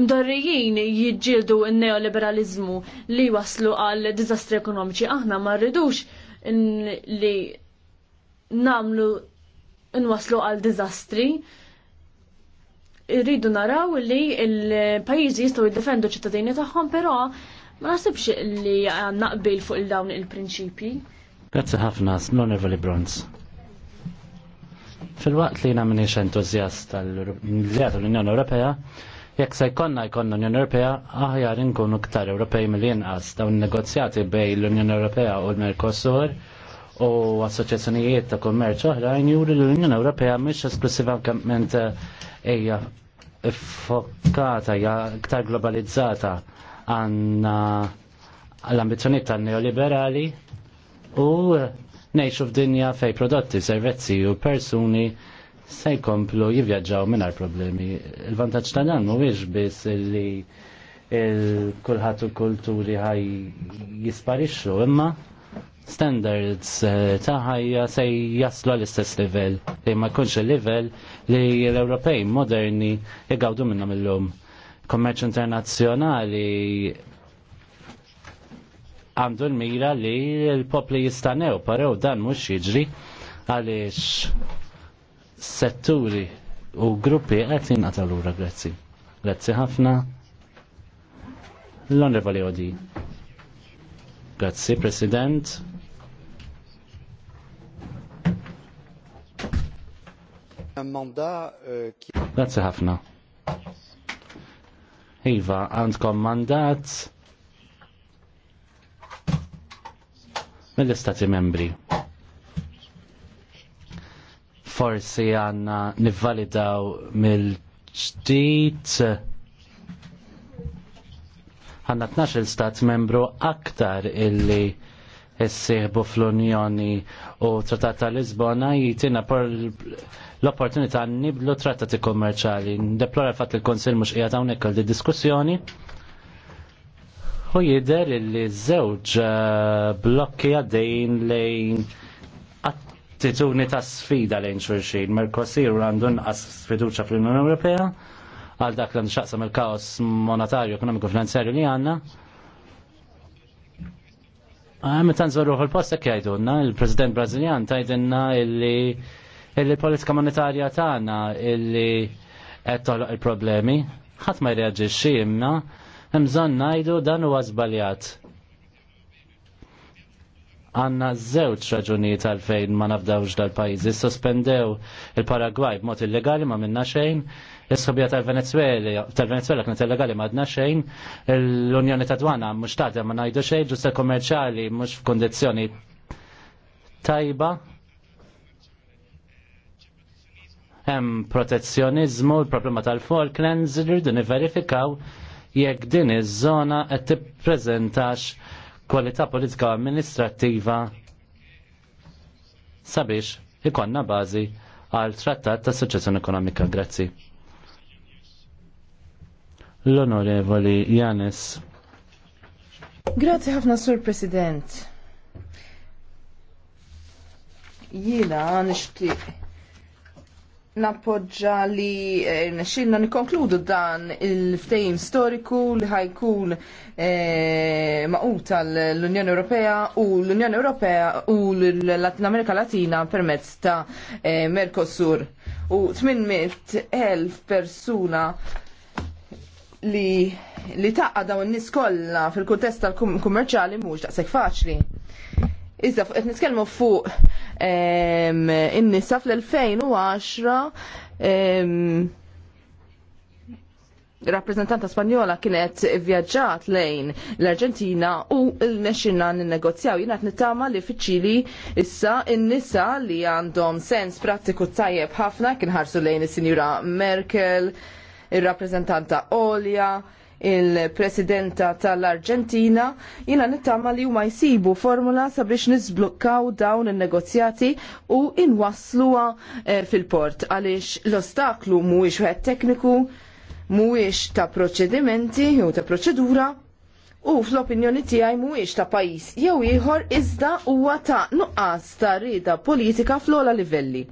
mdorrijin jiġġieldu n-neoliberalizmu li waslu għal diżastri ekonomiċi. Aħna ma rridux li namlu nwaslu għal diżastri. Irridu naraw li l-pajjiżi jistgħu jiddefendu ċittadini tagħhom, però ma nasibx li għandna qbil fuq il-dawn il-prinċipji. Grazzi ħafna, l-Onorevoli Bronz. Fil-waqt li jina minix entuzjast tal-Zjat l-Unjoni Ewropea, jekk se jkonna jkonna Unjoni Ewropea, aħjar inkunu ktar Ewropej mill-inqas dawn negozjati bej l-Unjoni Ewropea u l mercosur u assoċjazzjonijiet ta' kummerċ oħrajn juri l-Unjoni Ewropea mhix esklusivament eh, hija fokata ja iktar globalizzata għandna l-ambizzjonijiet tan-neoliberali u nejxu f'dinja fej prodotti, servizzi u persuni se jkomplu jivjaġġaw minar problemi. Il-vantaġġ ta' dan mhuwiex biss li il u kulturi ħaj jisparixxu, imma standards eh, ta' ħajja se jaslu l istess livell, li ma jkunx il-livell li l-Ewropej moderni jgawdu minnhom illum. Kommerċ internazzjonali għandu l-mira li l-popli jistanew, parew dan mux jiġri għalix setturi u gruppi għet jinqatalura, grazzi. Grazzi ħafna. L-Onorevoli Odi. Grazzi, President. Euh, grazzi ħafna. Iva, għandkom mandat mill-Istati membri. Forsi għanna nivvalidaw mill-ġdid għanna 12 stat membru aktar illi jessieħbu fl-Unjoni u Trattat ta' Lisbona jitina por l-opportunità niblu trattati kommerċali. Deplora fatt il-Konsil mux qiegħed hawnhekk di diskussjoni U jider li żewġ eh, blokki għaddejn lejn attituni ta' sfida lejn xulxin. Merkosir għandu nqas sfiduċa fl-Unjoni Ewropea għal dak l xaqsam il-kaos monetarju, ekonomiku, finanzjarju li għanna. Ah, Metan zorruħ il ek jajdunna, il-President Brazilian tajdinna illi il-politika monetarja tagħna illi qed toħloq il-problemi, ħadd ma jreaġixxi Mżon najdu dan huwa żbaljat. Għanna żewġ raġunijiet għalfejn ma nafdawx dal-pajjiżi. Sospendew il-Paragwaj b'mod illegali ma minna xejn, is-sobja tal-Venezuela tal-Venezuela kienet illegali ma għadna xejn, l-Unjoni ta' Dwana mhux tagħti ma ngħidu xejn, ġusta kommerċjali mhux f'kundizzjoni tajba hemm protezzjonizmu, l-problema tal-Falklands, irridu niverifikaw jekk din iż-żona qed tippreżentax kwalità politika amministrattiva sabiex ikonna bażi għal trattat ta' soċjazzjoni ekonomika. Grazzi. L-Onorevoli Janis. Grazzi ħafna, Sur President. Jiena nixtieq nappoġġa li eh, nexxinna nxinna nikonkludu dan il-ftejim storiku li ħajkun eh, maquta l-Unjoni Ewropea u l-Unjoni Ewropea u l-Amerika Latina permezz ta' eh, Mercosur u 800.000 persuna li li taqqa dawn in-nies kollha fil-kuntest tal-kummerċjali mhux daqshekk faċli. Iżda, qed nitkellmu fuq in-nisa fl-2010 rappresentanta spanjola kienet vjaġġat lejn l-Arġentina u l-nexxina n-negozjaw. Jina nittama li fiċili issa n-nisa li għandhom sens pratiku tajjeb ħafna kien ħarsu lejn is-sinjura Merkel, il-rappresentanta Olja, il-presidenta tal-Arġentina, jina nittama li huma jsibu formula sabiex nizblukkaw dawn il-negozjati u inwasluwa eh, fil-port għaliex l-ostaklu mhuwiex wieħed tekniku, mhuwiex ta' proċedimenti u ta' proċedura, u fl-opinjoni tiegħi mhuwiex ta' pajjiż jew ieħor iżda huwa ta' nuqqas ta' rieda politika fl-ola livelli.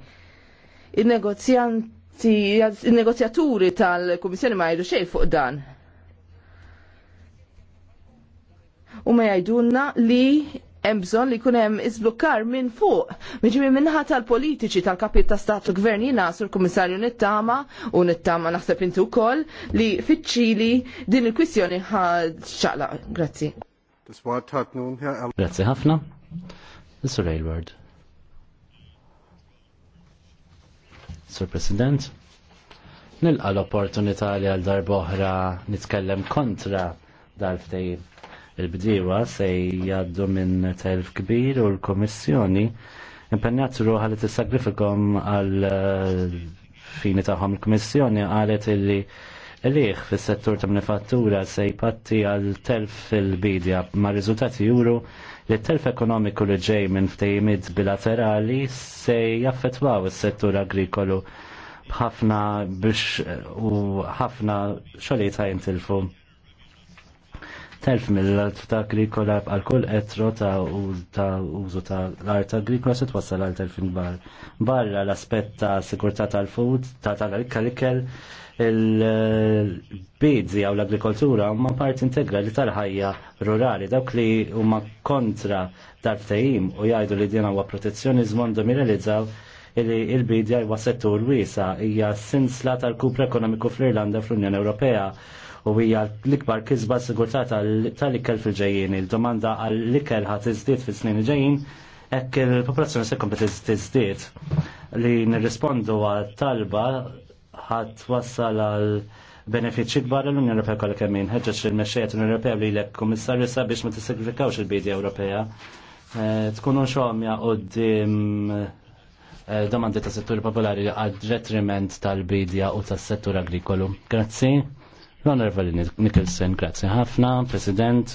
il negozjanti il negozjaturi tal kummissjoni ma jgħidu xejn fuq dan. u ma jgħidulna li hemm bżonn li jkun hemm minn fuq. miġmi minnħa tal-politiċi tal-kapit ta' statu gvern jina sur kummissarju nittama u nittama naħseb inti wkoll li fitċili din il-kwissjoni ħaċċaqla. Grazzi. Grazzi ħafna. Sur Aylward. Sur President, nilqa l-opportunità li għal darba oħra nitkellem kontra dal-ftejn Il-bdiewa se jgħaddu minn telf kbir u l-Komissjoni impennat ruħa li t-sagrifikom għal eh, fini taħħom il-Komissjoni għalet illi liħ fis-settur ta' manifattura se jpatti għal telf fil-bidja ma' riżultati juru li t-telf ekonomiku li ġej minn ftejimiet bilaterali se jaffetwaw is-settur agrikolu bħafna biex eh, u ħafna xogħlijiet ħajntilfu telf mill-art agrikola għal kull etro ta' użu ta' l-art agrikola se twassal għal telfin bar. Barra l-aspett ta' sikurtà tal-food, ta' tal-ikel, il-bidzi għaw l-agrikoltura huma part integrali tal-ħajja rurali dawk li huma kontra dal-ftajim u jgħidu li din huwa protezzjonizmu għandhom jirrealizzaw li il-bidja wasettur settur wiesa hija sinsla tal-kupra ekonomiku fl-Irlanda fl-Unjoni Ewropea u hija l-ikbar kisba sigurtà tal-ikel fil-ġejjin. Il-domanda għall-ikel ħat iżdied fis-snin ġejjin hekk il-popolazzjoni se kompet tiżdied li nirrispondu għal talba ħat wassal għal benefiċi kbar l-Unjoni Ewropea kollha kemm inħeġġeġ il-mexxejjed Unjoni Ewropea li lek kummissarju sabiex ma tissigrifikawx il-bidja Ewropea. Eh, tkunu xomja qudiem eh, domandi ta' setturi popolari għad retriment tal-bidja u tas settur agrikolu. Grazzi. L-Onorevoli Nicholson, grazie ħafna, President.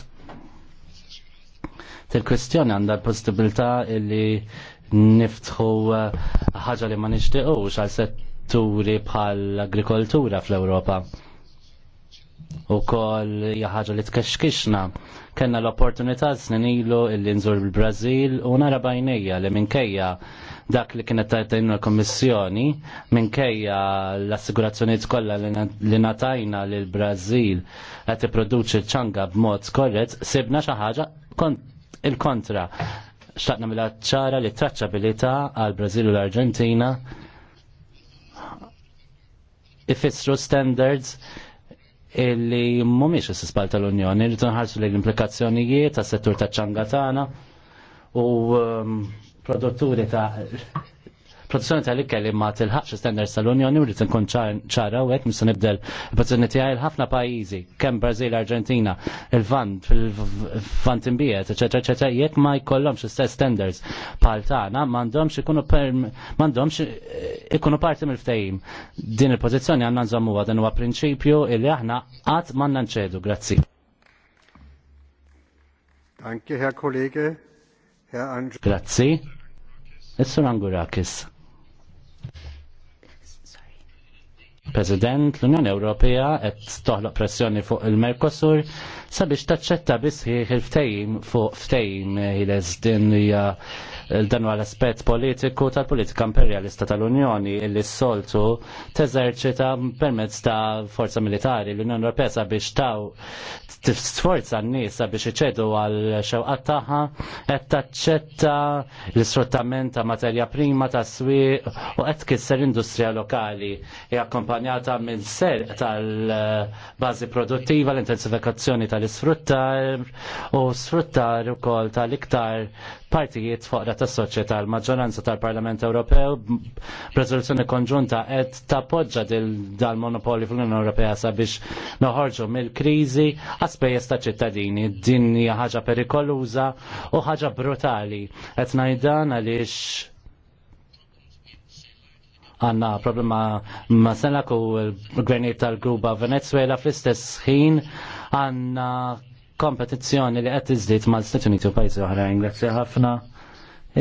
Til-kwestjoni għandha l-possibilità illi niftħu uh, ħaġa li ma nixtiequx għal setturi bħal agrikoltura fl-Ewropa u kol jaħħaġa li tkexkixna. Kenna l-opportunità snin ilu illi nżur il-Brazil u nara bajnija li minkejja dak li kienet tajtajna l-Kommissjoni, minkejja l-assigurazzjoniet kollha li natajna li l-Brazil qed produċi ċanga b'mod korret, sibna xi ħaġa il-kontra. Xtaqna mill ċara li traċċabilità għal Brazil u l-Arġentina ifissru standards li mhumiex is-isbal tal-Unjoni, li tunħarsu lejn l-implikazzjonijiet tas-settur taċ-ċangatana u um, produtturi ta' protezzjoni tal-ikel li ma tilħaqx standards tal-Unjoni u li tinkun ċara u għek mista nibdel il-produzzjoni tiegħi l-ħafna pajjiżi, kemm Brażil, Arġentina, il-Vant, fil vant imbiet, eċetera, eċetera, jekk ma jkollhomx istess standards bħal tagħna m'għandhomx ikunu m'għandhomx eh, ikunu parti mill-ftehim. Din il-pożizzjoni għandna nżommuha dan huwa prinċipju li aħna qatt m'għandna nċedu. Grazzi. Danke, Herr Kollege. Herr Angel. Grazie. Nessun Angurakis. President, l-Unjoni Ewropea qed toħloq pressjoni fuq il-Mercosur sabiex taċċetta bisħiħ il-ftejim fuq ftejim ħiles din hija Eh, dan għal aspett politiku tal-politika imperialista tal-Unjoni illi s-soltu teżerċita permezz ta' forza militari l-Unjoni Ewropea sabiex taw sforza n-nies sabiex iċedu għal xewqat tagħha qed taċċetta l-isfruttament ta' materja prima ta' swieq u qed tkisser industrija lokali hija akkompanjata minn serq tal-bażi produttiva l-intensifikazzjoni tal-isfruttar u sfruttar ukoll tal-iktar partijiet foqra tas soċjetà l-maġġoranza tal-Parlament Ewropew b'reżoluzzjoni konġunta qed tappoġġa dal-monopoli fl-Unjoni Ewropea sabiex noħorġu mill-kriżi għaspejjeż ta' ċittadini. Din hija ħaġa perikoluża u ħaġa brutali. Qed ngħidan għaliex għanna problema ma' senak u l-gvernijiet tal-Gruba Venezuela fl-istess ħin għanna kompetizzjoni li qed ma' mal-Stati Uniti u pajzi oħrajn. Grazzi ħafna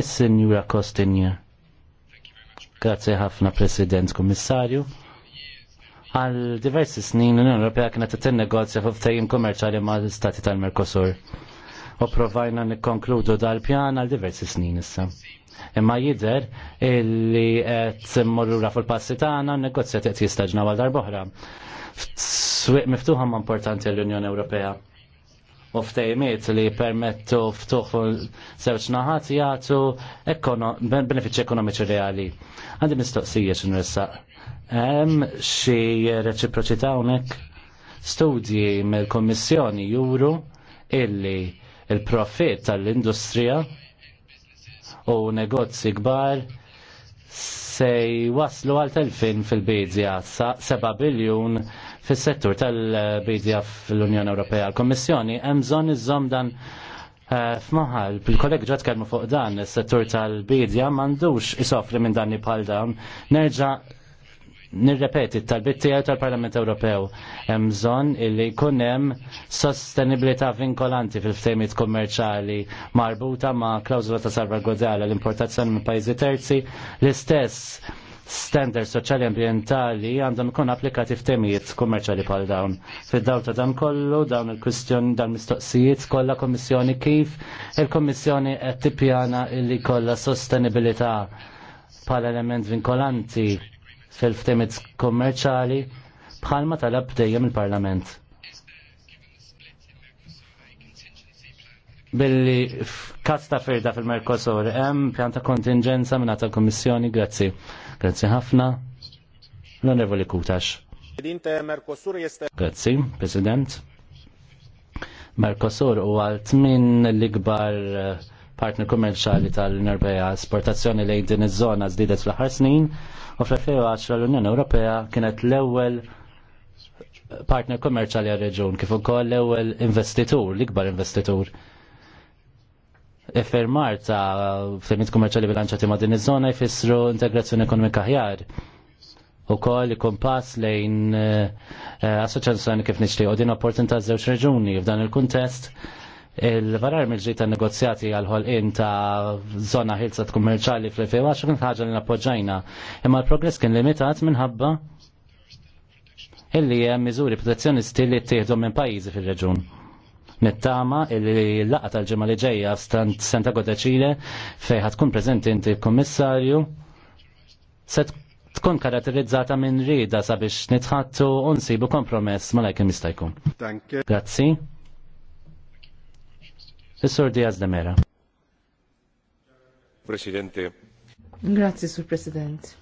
is-Sinjura Kostinja. Grazzi ħafna President Kummissarju. Għal diversi snin l-Unjoni Ewropea kienet tinnegozja fuq ftehim kummerċjali mal-Stati tal-Merkosur. U provajna nikkonkludu dal-pjan għal diversi snin issa. Imma jider illi qed mmorrura fil-passi tagħna n-negozjat qed jistaġna għal darb'oħra. Swieq miftuħa ma' importanti l-Unjoni Ewropea u ftejmiet li permettu ftuħ żewġ naħat jagħtu benefiċċji ekonomiċi reali. Għandi mistoqsija x'inressaq. Hemm xi reċiproċità hawnhekk studji mill-Kommissjoni juru illi il-profit tal-industrija u negozji kbar se waslu għal telfin fil-bidja 7 biljun fis-settur tal-bidja fl-Unjoni Ewropea. L-Kommissjoni hemm bżonn iżżomm dan eh, F'maħal, bil-kolleg ġat kelmu fuq dan, is-settur tal-bidja m'għandux isofri minn dan bħal dawn. Nerġa' nirrepeti tal-bit tal-Parlament Ewropew hemm bżonn illi jkun hemm sostenibilità vinkolanti fil ftemit kommerċali marbuta ma' klawzula ta' salvaguardjala l-importazzjoni minn pajjiżi terzi l-istess standard soċjali ambientali għandhom ikun applikati f'temijiet kummerċjali bħal dawn. Fid-dawl ta' dan kollu, dawn il-kwistjoni, dawn mistoqsijiet kollha kommissjoni kif il-kommissjoni qed tippjana illi kollha sostenibilità bħal element vinkolanti fil-ftemiet kummerċali bħalma talab dejjem il-Parlament. billi f'kasta ta' firda fil-Merkosur, hemm pjanta kontingenza minn ta' Kommissjoni, grazzi. Grazzi ħafna. L-Onorevoli Kutax. Grazzi, President. Mercosur u għalt minn l-ikbar eh, partner kommerċali tal nerbeja esportazzjoni lejn din iż-żona żdiedet fl-aħħar snin u fl-2010 l-Unjoni Ewropea kienet l-ewwel eh, partner kummerċali għal-reġun kif ukoll l-ewwel investitur, l-ikbar investitur effermar ta' fermit kummerċali bilanċati ma' din iż-żona jfissru integrazzjoni ekonomika ħjar. U koll kompass lejn eh, assoċjazzjoni kif nixtieq u din opportunità żewġ reġuni f'dan il-kuntest il-varar mill ta' negozjati għal-ħolqin ta' zona ħilsa kummerċali fl-2010 kien ħaġa li nappoġġajna. Imma l-progress kien limitat minħabba illi hemm miżuri protezzjonisti li ttieħdu minn pajjiżi fir-reġun nittama illi laqa tal-ġemma li ġejja stant Santiago de fej ħatkun prezenti inti kommissarju se tkun karatterizzata minn rida sabiex nitħattu unsibu kompromess ma lajkim jistajkun. Grazzi. Is-Sur Diaz de Mera. Presidente. Grazzi, Sur President.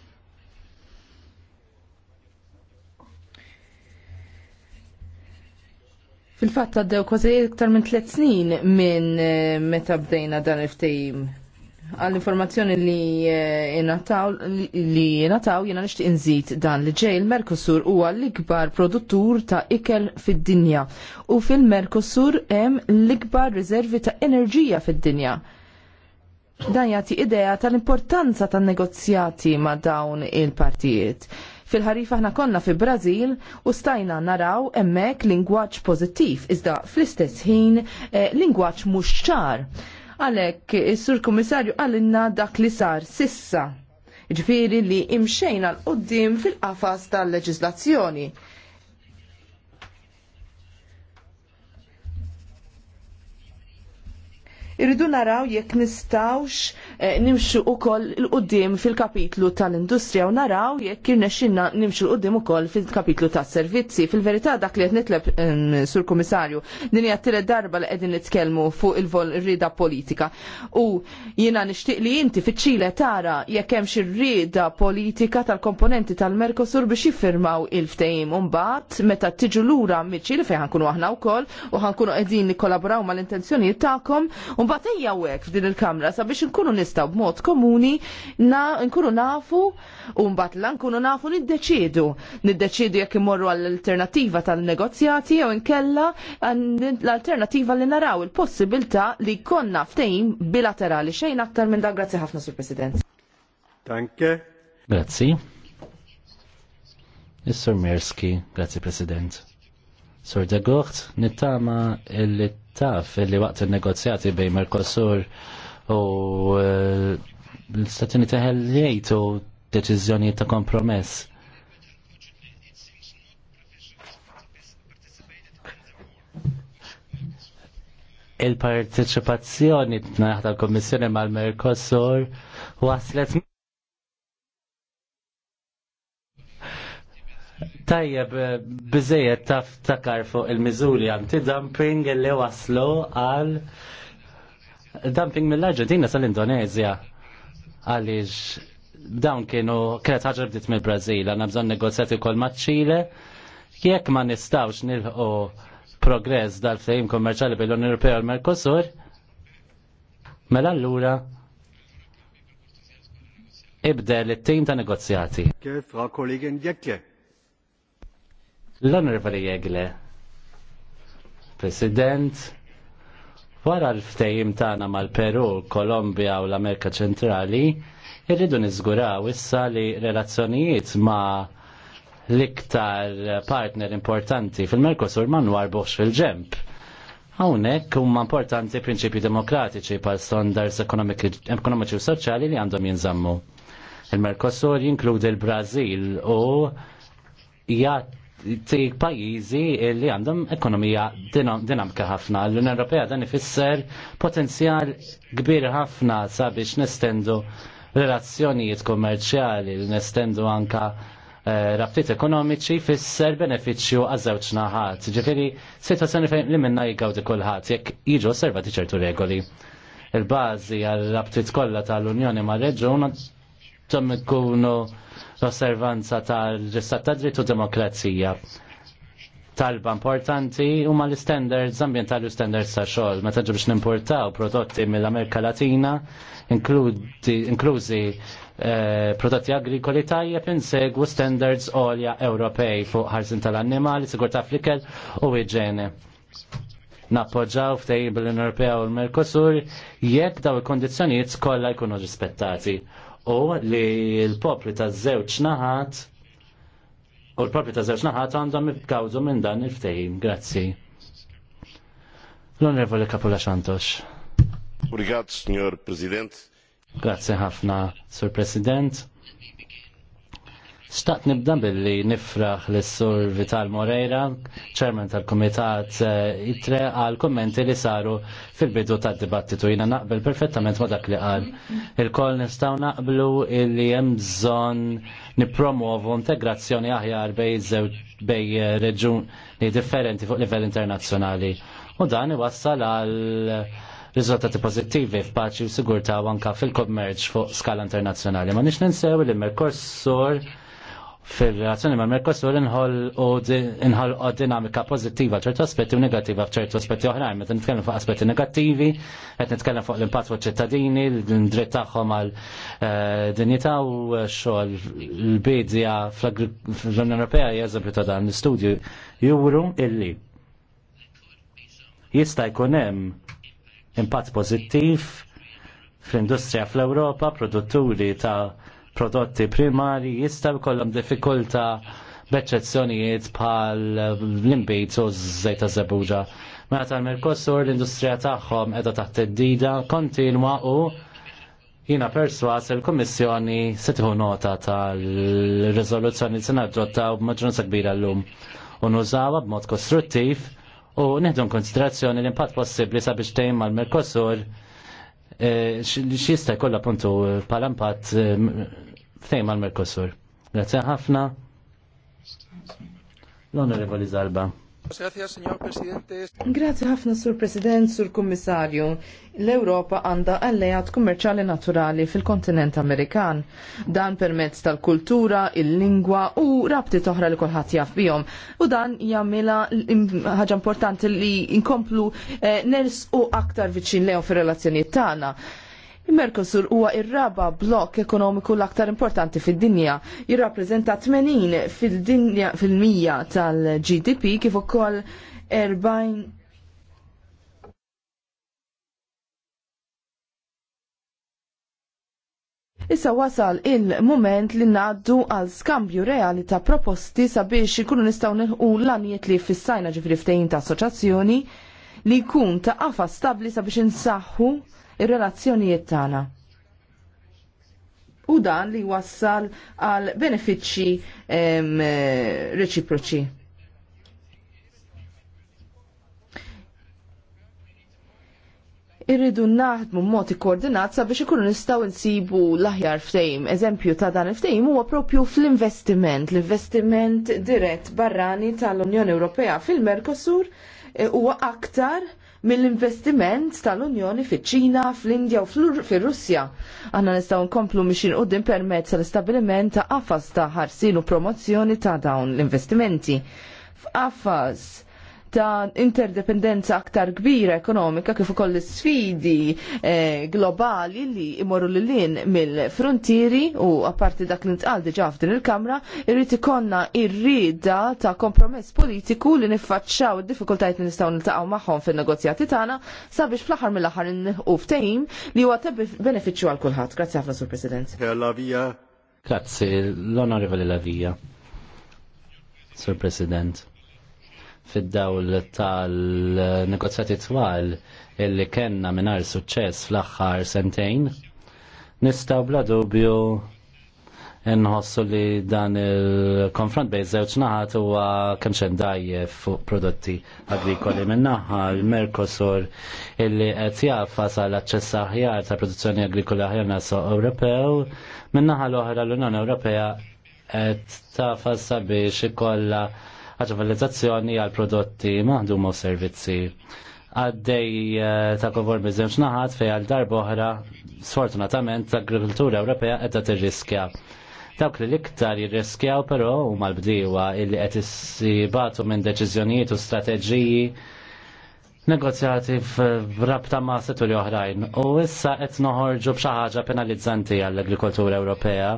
Fil-fatt għaddew kważi iktar minn tliet snin minn eh, meta bdejna dan il ftejim Għall-informazzjoni li jenataw eh, li jenataw jena nishtiq inżid dan li ġej il-Merkosur huwa l-ikbar produttur ta' ikel fid-dinja u fil-Merkosur hemm l-ikbar riservi ta' enerġija fid-dinja. Dan jagħti idea tal-importanza tan-negozjati ma' dawn il-partijiet fil ħarif aħna konna fi Brazil u stajna naraw emmek lingwaġġ pozittif, iżda fl-istess ħin eh, lingwaġġ mhux ċar. Għalhekk is-Sur Kummissarju għalinna dak li sar sissa ġviri li imxejna l-qoddim fil-qafas tal-leġislazzjoni. Irridu naraw jekk nistawx eh, nimxu koll l-qudiem fil-kapitlu tal-industrija u naraw jekk irnexxinna nimxu l u ukoll fil-kapitlu tas-servizzi. Fil-verità dak li qed nitleb sur Kummissarju din hija tielet darba li qegħdin nitkellmu fuq il-vol rida politika. U jiena nixtieq li inti fiċ tara jekk hemmx xi rieda politika tal-komponenti tal-Merkosur biex jiffirmaw il ftejim u mbagħad meta tiġu lura miċ-Ċile fejn ħankunu aħna wkoll u ħankunu qegħdin nikkolaboraw mal-intenzjonijiet tagħkom u Unbat ejja hekk f'din il-kamra sabiex nkunu nistaw b'mod komuni nkunu nafu u mbagħad nkunu nafu niddeċiedu. Niddeċidu jekk imorru għall-alternattiva tal-negozjati jew inkella l-alternattiva li naraw il-possibilità li konna ftehim bilaterali xejn aktar minn dak grazzi ħafna sur President. Danke. Grazzi. Is-Sur Merski, grazzi President. Sur Dagocht, nittama illi taf li waqt il-negozjati bej Mercosur u e, l-Stati Uniti ħellejtu deċizjoni ta' kompromess. il partiċipazzjoni t-naħta kommissjoni mal-Mercosur waslet tajjeb eh, biżejjed taf takar fuq il-miżuri anti-dumping li waslu għal dumping mill-Arġentina sal-Indonezja għaliex dawn kienu kienet ħaġa bdiet mill brazil għandna bżonn negozjati kol maċ-Ċile, jekk ma nistawx nilħu progress dal-fejm kommerċali bil-Unjoni Ewropea u l-Merkosur, mela allura ibdel it-tim ta' negozjati. Kif, kollegin Jekke? L-Onorevoli Jegle, President, wara l-ftejim tagħna mal-Peru, Kolombja u l-Amerika Ċentrali, irridu niżguraw issa li relazzjonijiet ma' l-iktar partner importanti fil-Merkosur ma' nwarbux fil-ġemp. Hawnhekk huma importanti prinċipji demokratiċi pal standards ekonomiċi u soċjali li għandhom jinżammu. Il-Merkosur jinkludi l-Brażil u jgħat tik pajjiżi li għandhom ekonomija dinamika ħafna. L-Unjoni Ewropea dan ifisser potenzjal kbir ħafna sabiex nestendu relazzjonijiet kommerċjali, nestendu anka eh, rabtiet ekonomiċi fisser beneficju għaż-żewġ naħat. Ġifiri, sitwazzjoni fejn li minna jgawdi kulħadd jekk jiġu osservati ċertu regoli. Il-bażi għal rabtiet kollha tal-Unjoni mar-Reġun tam ikunu l-osservanza tal-ġistat ta' dritt u demokrazija. Talba importanti huma l-standards ambientali u standards ta' xogħol meta ġu biex nimportaw prodotti mill-Amerika Latina, inklużi eh, prodotti agrikoli tajjeb insegwu standards għolja Ewropej fuq ħarsin tal-annimali, sigurta flikel u iġene nappoġġaw f'tejbil l Ewropea u l-Merkosur jekk daw il-kondizzjonijiet kollha jkunu rispettati u li l-popli ta' żewġ naħat u l-popli ta' żewġ naħat għandhom ibkawdu minn dan il-ftehim. Grazzi. L-Onorevole Kapula Xantox. Grazzi Signor President. Grazie ħafna, Sur President. Staq nibda billi nifraħ l-sur Vital Moreira, ċermen tal-Komitat eh, ITRE, għal kommenti li saru fil-bidu tad dibattitu jina naqbel perfettament ma dak li qal. Il-koll nistaw naqblu illi hemm bżonn nipromovu integrazzjoni aħjar bej bej reġuni differenti fuq livell internazzjonali. U dan iwassal għal riżultati pozittivi f'paċi u sigurta għanka fil-kommerċ fuq skala internazzjonali. Ma nix ninsew li Mercosur fil-relazzjoni ma merkosur inħolqu dinamika pozittiva ċertu aspetti u negativa f'ċertu aspetti oħrajn. Meta nitkellem fuq aspetti negattivi, qed nitkellem fuq l-impatt fuq ċittadini, l-dritt tagħhom għal eh, dinjità u xogħol l-bidja fl-Unjoni Ewropea jeżempju ta' dan l-istudju juru illi jista' jkun hemm impatt pożittiv fl-industrija fl-Ewropa, produtturi ta' prodotti primari jistaw jkollhom diffikulta b'eċċezzjonijiet bħal l-imbejt u z-zejta zabuġa. Meta tal-Merkosur l-industrija tagħhom qiegħda taħt id-dida kontinwa u jina perswas il-Kommissjoni se tieħu nota tal-riżoluzzjoni li se nadottaw b'maġġoranza kbira llum u nużawha b'mod kostruttiv u nieħdu konsiderazzjoni l-impatt possibbli sabiex tgħin mal-Merkosur Eh, xista jkollha puntu eh, palampat eh, fejn mal-Merkosur. Grazie ħafna. L-Onorevoli Zalba. Grazie ħafna sur President, sur Kommissarju. L-Europa għanda alleat kummerċali naturali fil-kontinent Amerikan. Dan permezz tal-kultura, il-lingwa u rabti toħra li kolħat jaf bijom. U dan jammila ħaġa importanti li inkomplu eh, ners u aktar viċin lew fil-relazzjoniet tagħna. Il-Mercosur huwa ir-raba blok ekonomiku l-aktar importanti fid-dinja, jirrappreżenta 80 fil-dinja fil-mija tal-GDP kif ukoll 40 Issa wasal il-moment li naddu għal skambju reali ta' proposti sabiex ikunu nistaw nħu l għanijiet li fissajna ġifri ftejn ta' assoċazzjoni li jkun ta' qafa stabli sabiex insaħħu ir-relazzjonijiet tagħna. U dan li wassal għal benefiċċji eh, reċiproċi. irridu naħdmu mod ikkoordinat sabiex ikunu nistgħu nsibu l-aħjar ftehim. Eżempju ta' dan il-ftehim huwa propju fl-investiment, l-investiment dirett barrani tal-Unjoni Ewropea fil-Mercosur eh, huwa aktar mill-investiment tal-Unjoni fiċ-Ċina, fl-Indja u fir-Russja. Aħna nistgħu nkomplu mixin qudiem permezz tal establiment ta' għafas ta' ħarsin u promozzjoni ta' dawn l-investimenti. F'għafas ta' interdependenza aktar kbira ekonomika kif ukoll sfidi eh, globali li imorru l lin mill-frontieri u apparti dak li ntqal diġà f'din il-Kamra, irrid ikonna ir-rida ta' kompromess politiku li niffaċċaw id-diffikultajiet li nistgħu niltaqgħu magħhom fin-negozjati tagħna sabiex fl-aħħar mill-aħħar u ftehim li huwa ta' benefiċċju għal kulħadd. Grazzi ħafna Sur President. Grazzi, l-Onorevoli Lavija. Sur President fid-dawl tal-negozjati twal illi kenna minar suċċess fl-axħar sentejn, nistaw bla dubju nħossu li dan il-konfront bej żewġ naħat huwa kemm xejn dajjef fuq prodotti agrikoli min naħa l-Mercosur illi qed sa l aċċess aħjar ta' produzzjoni agrikola aħjar naso Ewropew min naħa l-oħra l-Unjoni Ewropea qed tafas sabiex ikollha ħaġa għal prodotti maħduma u servizzi għaddej eh, ta' bizzem xnaħat fej għal darboħra, sfortunatament l-agrikoltura Ewropea qiegħda tirriskja. Dawk li l-iktar jirriskjaw però huma l-bdiewa illi qed issibatu minn deċiżjonijiet u strateġiji negozjati f'rabta ma' setturi oħrajn. U issa qed noħorġu b'xi ħaġa penalizzanti għall-agrikoltura Ewropea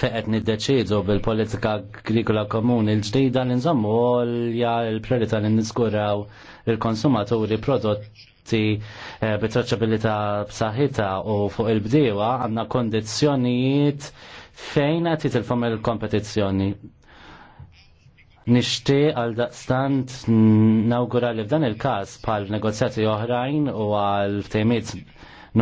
feqet niddeċidu bil-politika agrikola komuni l-ġdida l nżommu għolja l-priorità li niskuraw il-konsumaturi prodotti eh, bit-traċabilità b'saħħitha u fuq il-bdiewa għandna kondizzjonijiet fejn qed jitilfhom il-kompetizzjoni. Nixtieq għal daqstant nawgura li f'dan il-każ bħal negozjati oħrajn u għal ftejmiet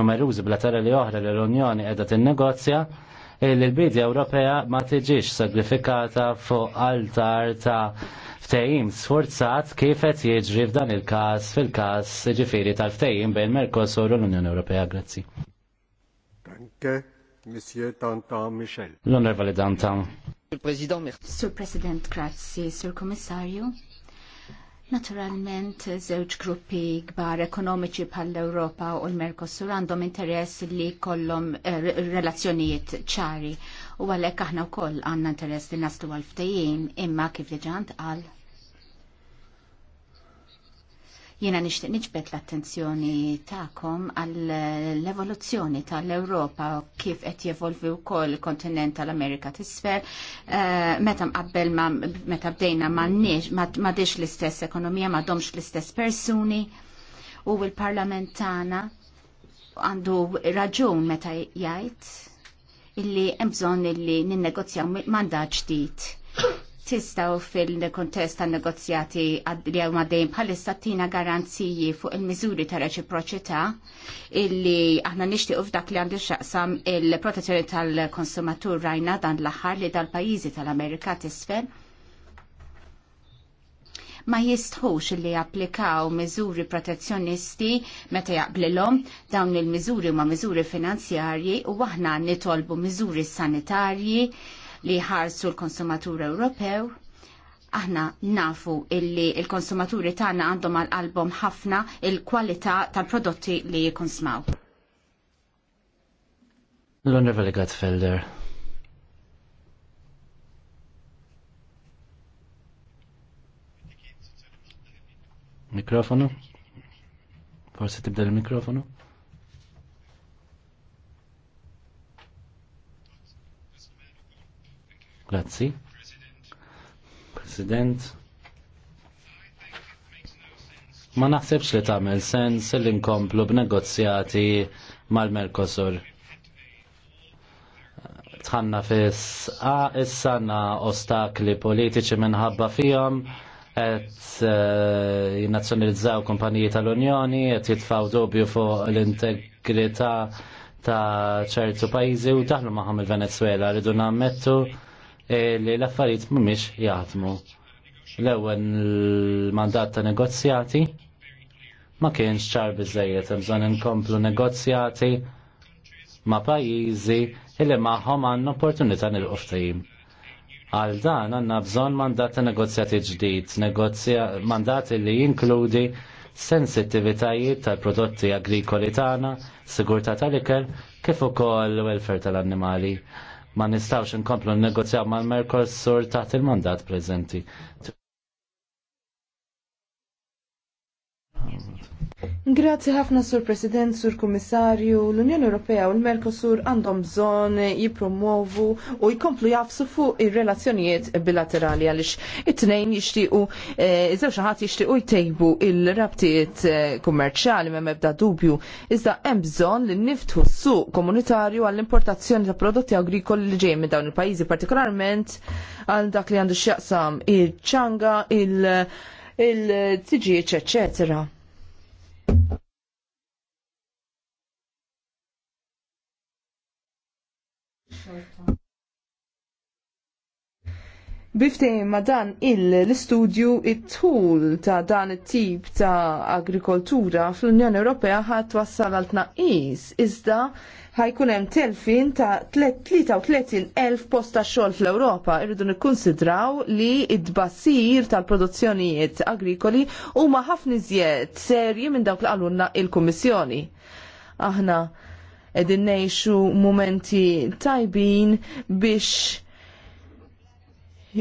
numerużi bilaterali oħra l-Unjoni qiegħda tinnegozja negozja il-bidja Ewropea ma tiġix sagrifikata fuq altar ta' ftehim sforzat kif qed jiġri f'dan il-każ fil-każ ġifiri tal-ftehim bejn Mercosur u l-Unjoni Ewropea. Grazzi. Danke, Monsieur Tanta Michel. L-Onorevoli Dantan. Sur President, grazzi. Sur Commissario. Naturalment, żewġ gruppi kbar ekonomiċi bħall europa u l-Merkosur għandhom interess li kollom eh, relazzjonijiet ċari u għalhekk aħna wkoll għandna interess li naslu għal ftehim imma kif diġà għal Jiena nixtieq niġbed l-attenzjoni tagħkom għall-evoluzzjoni tal-Ewropa kif qed jevolvi wkoll il-kontinent tal-Amerika t'isfel. Eh, meta mqabbel ma meta bdejna m'għandix l-istess ekonomija, m'għadhomx l-istess persuni u l-Parlament tagħna għandu raġun meta jgħid illi hemm bżonn illi ninnegozjaw mandat ġdid tistaw fil-kontest tan negozjati li għaw maddejn bħalissa tina garanziji fuq il-mizuri ta' reċiproċità illi aħna nishtiq f'dak li għandu xaqsam il-protezzjoni tal-konsumatur rajna dan l-aħħar li dal-pajizi tal-Amerika tisfel ma jistħux li japplikaw miżuri protezzjonisti meta jaqblilhom dawn il-miżuri ma miżuri finanzjarji u aħna nitolbu miżuri sanitarji li ħarsu l-konsumatur Ewropew. Aħna nafu illi il-konsumaturi tagħna għandhom għal album ħafna il-kwalità tal-prodotti li jikonsmaw. L-Onorevoli Gatfelder. Mikrofonu? Forse tibda il-mikrofonu? Grazzi. President. Ma naħsebx li tagħmel sens li nkomplu b'negozjati mal-Mercosur. Tħanna fis a issanna ostakli politiċi minħabba fihom qed eh, jinnazzjonalizzaw kumpaniji tal-Unjoni, qed jitfgħu dubju fuq l-integrità ta' ċertu pajjiżi u daħlu magħhom il-Venezuela rridu nammettu E, li l-affarijiet mhumiex jaħdmu. L-ewwel mandat ta' negozjati ma kienx ċar biżejjed hemm bżonn inkomplu negozjati ma' pajjiżi illi magħhom għandna opportunità nilqu ftehim. Għal dan għandna bżonn mandat ta' negozjati ġdid, negozja, mandat li jinkludi sensittivitajiet tal-prodotti agrikoli tagħna, sigurtà tal-ikel, kif ukoll welfare tal-annimali ma nistawx nkomplu negozjaw mal-Merkosur taħt il-mandat preżenti. Grazzi ħafna sur President, sur Kummissarju, l-Unjoni Ewropea u l mercosur għandhom bżonn jippromovu u jkomplu jafsu fuq ir-relazzjonijiet bilaterali għaliex it-tnejn jixtiequ eh, iżew xi ħadd jixtiequ jtejbu il-rabtiet eh, kummerċjali m'hemm ebda dubju. Iżda hemm bżonn li niftħu s-suq komunitarju għall-importazzjoni ta' prodotti agrikoli li ġej minn dawn il-pajjiżi partikolarment għal dak li għandu x'jaqsam il-ċanga, il- il-tiġieċ, eccetera. Biftej ma dan il-studju it-tul ta' dan it-tip ta' agrikoltura fl-Unjoni Ewropea ħat wassal għal tnaqqis iżda ħajkun hemm telfin ta' 33,000 post ta' xogħol fl-Ewropa irridu nikkunsidraw li id-bassir tal-produzzjonijiet agrikoli huma ħafna iżjed serji minn dawk li qalulna il-Kummissjoni. Aħna edin neħxu momenti tajbin biex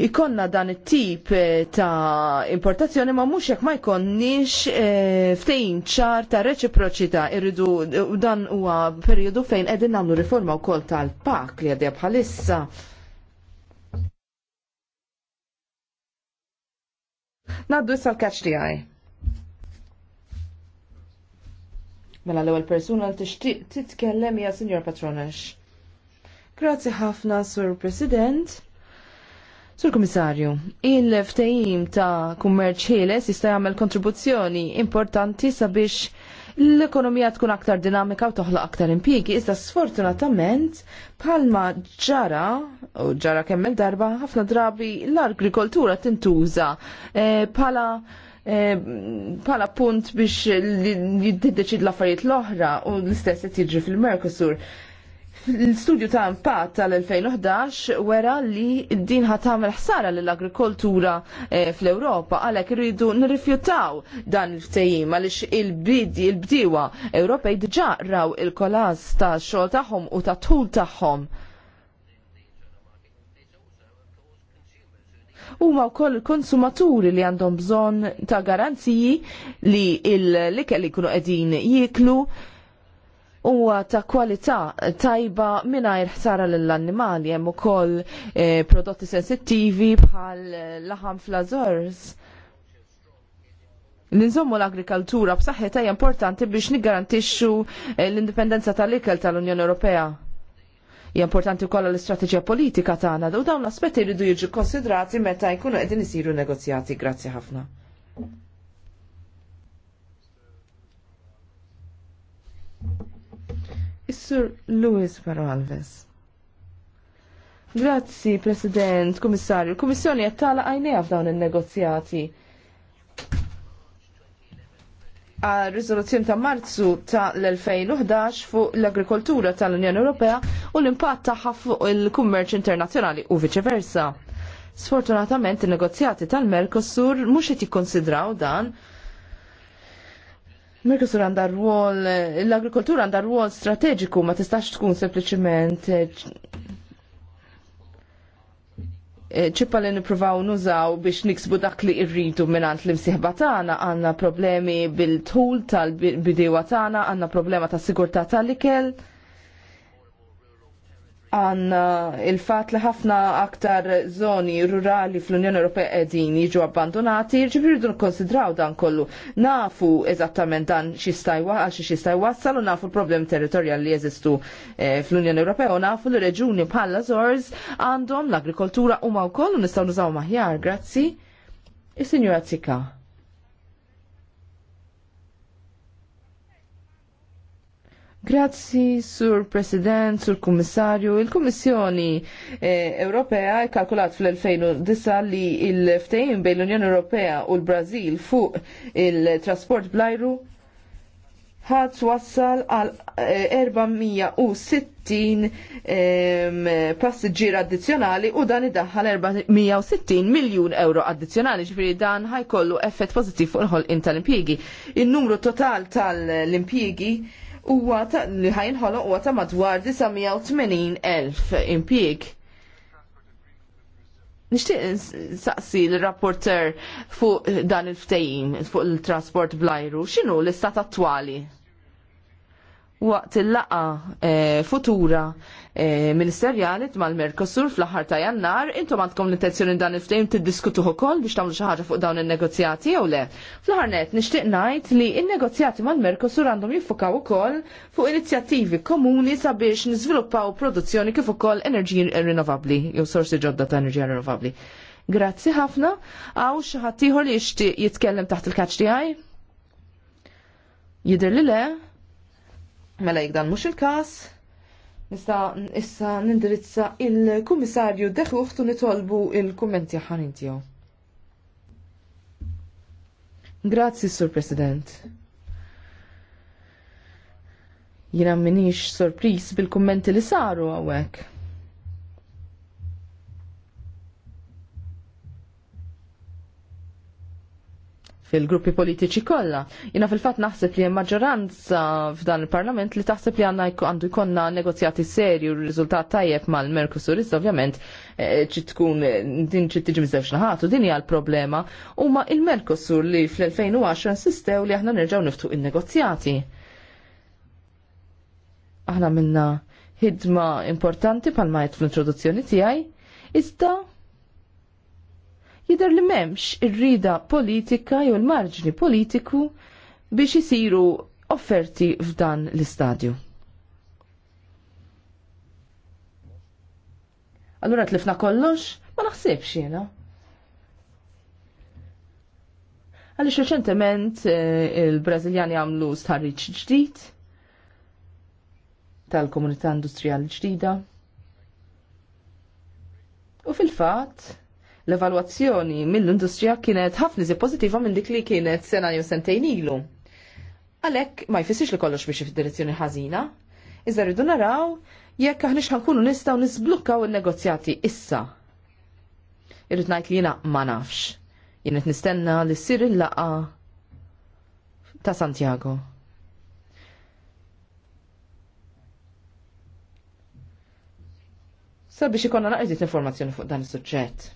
ikonna dan it-tip eh, ta' importazzjoni ma' mux jekk ma' jkonniex e, eh, ftejn ċar ta' reċiproċità irridu eh, dan huwa periodu fejn qegħdin nagħmlu riforma wkoll tal-pak li għadja bħalissa. Naddu issa l-kaċ tiegħi. Mela l-ewwel persuna li tixtieq titkellem hija Sinjor Patronex. Grazzi ħafna, Sur President. Sur Komissarju, il-ftehim ta' kummerċ ħieles jista' jagħmel kontribuzzjoni importanti sabiex l-ekonomija tkun aktar dinamika u toħloq aktar impjiegi, iżda sfortunatament bħalma ġara, u ġara kemm darba, ħafna drabi l-agrikoltura tintuża eh, bħala eh, pala eh, punt biex jiddeċid l-affarijiet l-oħra u l-istess qed jiġri fil-Mercosur. L-studju ta' impatt tal-2011 wera li din tagħmel ħsara lill agrikoltura eh, fl-Ewropa għalhekk irridu nirrifjutaw dan il-ftehim għaliex il-bidi il-bdiewa Ewropej diġà raw il-kolas ta' xogħol tagħhom u ta' tul tagħhom. huma wkoll konsumaturi li għandhom bżonn ta' garanziji li l-ikel ikunu jkunu qegħdin jieklu huwa ta' kwalità tajba mingħajr ħsara lill-annimali hemm ukoll eh, prodotti sensittivi bħal laħam fl-Azores. L-inżommu l-agrikaltura b'saħħitha hija importanti biex niggarantixxu eh, l-indipendenza tal-ikel tal-Unjoni Ewropea. Hija importanti wkoll l-istrateġija politika tagħna u dawn l-aspetti jridu jiġu konsidrati meta jkunu qegħdin isiru negozjati. Grazzi ħafna. Is-Sur Luis Faro Alves. Grazzi, President, Kummissarju. Il-Kummissjoni qed tagħlaq għajnejha f'dawn in-negozjati għal riżoluzzjoni ta' Marzu ta' l-2011 fuq l-agrikoltura tal-Unjoni Ewropea u l-impatt tagħha fuq il-kummerċ internazzjonali u viċeversa. Sfortunatament in-negozjati tal-Mercosur mhux qed jikkonsidraw dan Mercosur għandha rwol, l-agrikoltura għandha rwol strateġiku ma tistax tkun sempliċiment ċippa li nipruvaw nużaw biex niksbu dak li irridu minnant l-imsiħba tagħna għandna problemi bil-tul tal-bidewa tagħna, għandna problema ta' sigurtà tal-ikel għanna il-fat li ħafna aktar zoni rurali fl-Unjoni Ewropea edin jiġu abbandonati, ġifieri rridu konsidraw dan kollu. Nafu eżattament dan xistajwa għal xi xista jwassal u nafu l-problemi territorial li jeżistu eh, fl-Unjoni Ewropea u nafu li reġuni bħala Zorz għandhom l-agrikoltura huma wkoll u nistgħu nużaw maħjar, grazzi. Is-Sinjura Zika. Grazzi, Sur President, Sur Kummissarju. Il-Kummissjoni eh, Ewropea kalkulat fl-2009 li il-ftejn bejn l-Unjoni Ewropea u l-Brazil fuq il-trasport blajru ħadd wassal għal 460 eh, ehm, passiġġier addizzjonali u dan iddaħħal 460 miljun euro addizzjonali ġifieri dan ħajkollu effett pożittiv fuq il-ħolqien tal-impjiegi. In-numru total tal-impjiegi huwa li ħolo huwa ta' madwar 980,000 impieg. Nishtiq saqsi l-rapporter fuq dan il-ftejim, fuq il-trasport blajru, xinu l-istat attwali? waqt il-laqa eh, futura e, ministerjali mal-Merkosur fl-aħħar ta' jannar, intom għandkom l-intenzjoni dan il-ftejm tiddiskutuh ukoll biex tagħmlu xi ħaġa fuq dawn in-negozjati jew le. Fl-aħħar net nixtieq ngħid li n-negozjati mal mercosur għandhom jiffukaw ukoll fuq inizjattivi komuni sabiex niżviluppaw produzzjoni kif ukoll enerġiji rinnovabbli jew sorsi ġodda ta' enerġija rinnovabbli. Grazzi ħafna. Għaw xi ħadd ieħor li jixtieq jitkellem taħt il-kaċċ tiegħi? Jidher li le? Mela jikdan dan mhux il-każ, nista' issa nindirizza il-Kummissarju Deħuħt nitolbu il-kummenti ħanin tiegħu. Grazzi, Sur President. Jina minix sorpris bil-kummenti li saru għawek fil-gruppi politiċi kollha. Jina fil-fatt naħseb li hemm maġġoranza f'dan il-Parlament li taħseb li għandna għandu jkollna negozjati serju u riżultat tajjeb mal-Merkusur iżda ovvjament ċi eh, tkun eh, din ċi tiġi miżewx naħatu din hija l-problema huma il-Merkusur li fl-2010 insistew li aħna nerġgħu niftu in-negozjati. Aħna minna ħidma importanti palma jett fl-introduzzjoni tiegħi, iżda Jidher li m'hemmx ir-rida politika jew il-marġni politiku biex isiru offerti f'dan l-istadju. Allura tlifna kollox, ma naħsibx jena. Għalix reċentement eh, il-Brażiljani għamlu starriċ ġdid tal-komunità industrijali ġdida. U fil-fatt, l-evalwazzjoni mill-industrija kienet ħafna iżi pozittiva minn dik li kienet sena jew sentejn ilu. Għalhekk ma jfissirx li kollox biex fid-direzzjoni ħażina, iżda rridu naraw jekk aħniex ħankunu nistgħu nisblukkaw in-negozjati issa. Irrid ngħid li jiena ma nafx. Jien qed nistenna li ssir il-laqgħa ta' Santiago. Sabiex ikonna naqgħet informazzjoni fuq dan is-suġġett.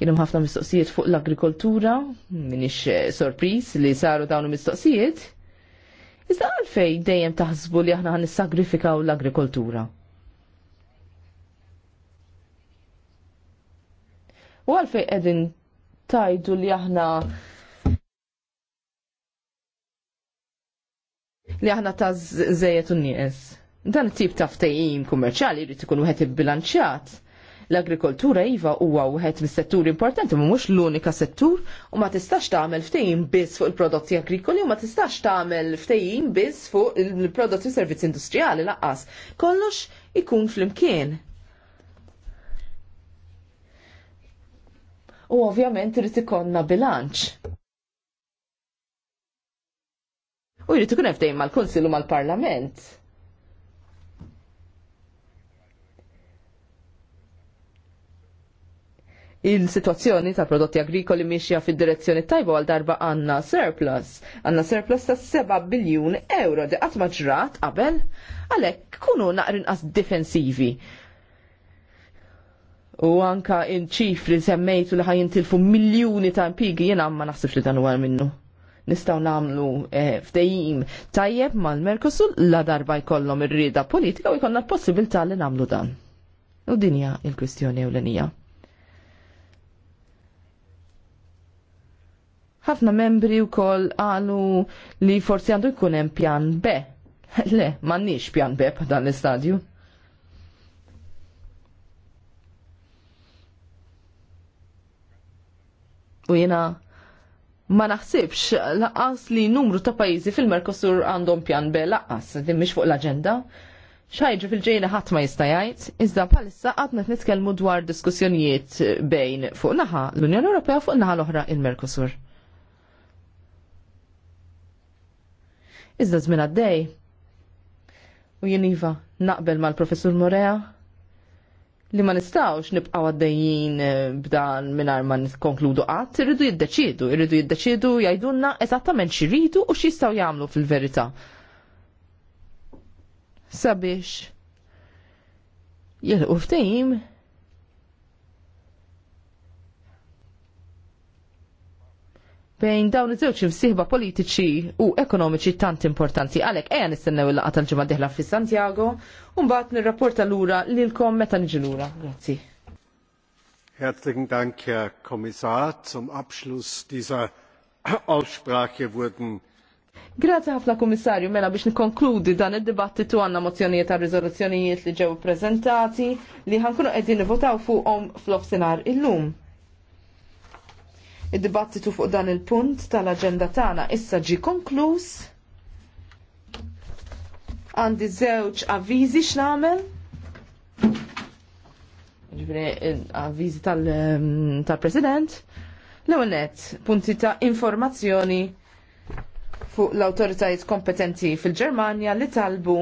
Kienu ħafna mistoqsijiet fuq l-agrikoltura, minix eh, sorpris li saru dawnu mistoqsijiet. Iżda għalfej dejjem taħsbu li aħna nissagrifikaw l-agrikoltura. U għalfej edin tajdu li aħna li aħna ta' zejet u nies. Dan tip ta' ftejim kummerċali jrid ikun wieħed ibbilanċjat L-agrikoltura iva huwa wieħed mis-setturi importanti ma mhux l-unika settur u ma tistax tagħmel ftehim biss fuq il-prodotti agrikoli u ma tistax tagħmel ftehim biss fuq il-prodotti u servizzi industrijali laqqas. Kollox ikun flimkien. U ovvjament irid ikollna bilanċ. U jrid ikun ftehim mal-Kunsill u mal-Parlament il-situazzjoni ta' prodotti agrikoli miexja fid-direzzjoni tajba għal darba għanna surplus. Għanna surplus ta' 7 biljun euro di għat maġrat qabel għalek kunu naqrin għas difensivi. U anka il-ċifri semmejtu li ħajin tilfu miljoni ta' impigi jena ma naħsibx li dan u minnu. Nistaw namlu eh, ftejim tajjeb mal-Merkosul la darba jkollhom ir-rieda politika u jkollna l-possibilità li namlu dan. U dinja il-kwistjoni ewlenija. ħafna membri wkoll għalu li forsi għandu jkun hemm pjan B. Le, m'għandniex pjan B dan l-istadju. U jena ma naħsibx laqas li numru ta' pajizi fil-Merkosur għandhom pjan B laqas din mhix fuq l-aġenda. Xajġu fil-ġejna ħadd ma jista' jgħid, iżda bħalissa qed nitkellmu dwar diskussjonijiet bejn fuq naħa l-Unjoni Ewropea fuq naħa l-oħra il-Merkosur. Iżda żmien għaddej. U jien iva naqbel mal-professur Morea li ma nistawx nibqaw għaddejjin eh, b'dan mingħajr ma nkonkludu qatt, irridu jiddeċidu, irridu jiddeċidu jgħidulna eżattament xiridu u x'jistgħu jagħmlu fil-verità. Sabiex jilqu ftehim bejn dawn iż-żewġ imsieħba politiċi u ekonomiċi tant importanti. Għalhekk ejja nistennew il-laqgħa tal-ġimgħa deħla fi Santiago u mbagħad nirrapporta lura lilkom meta niġi lura. Grazzi. Herzlichen Dank, Herr Kommissar. Zum Abschluss dieser Aussprache wurden Grazie ħafna kommissarju mela biex nikonkludi dan id-dibattitu għanna mozzjonijiet ta' riżoluzzjonijiet li ġew prezentati li ħankunu qegħdin nivotaw fuqhom fl-ofsinhar illum. Id-dibattitu fuq dan il-punt tal-agenda tagħna issa ġi konkluż. Għandi żewġ avviżi x'namel. Ġifri avviżi ehm, tal-President. Tal L-ewwel nett, punti ta' informazzjoni fuq l-awtoritajiet kompetenti fil-Ġermanja li talbu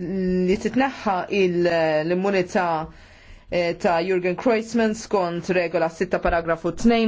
li titneħħa l-immunità eh, ta' Jürgen Kreuzmann skont regola 6 paragrafu 2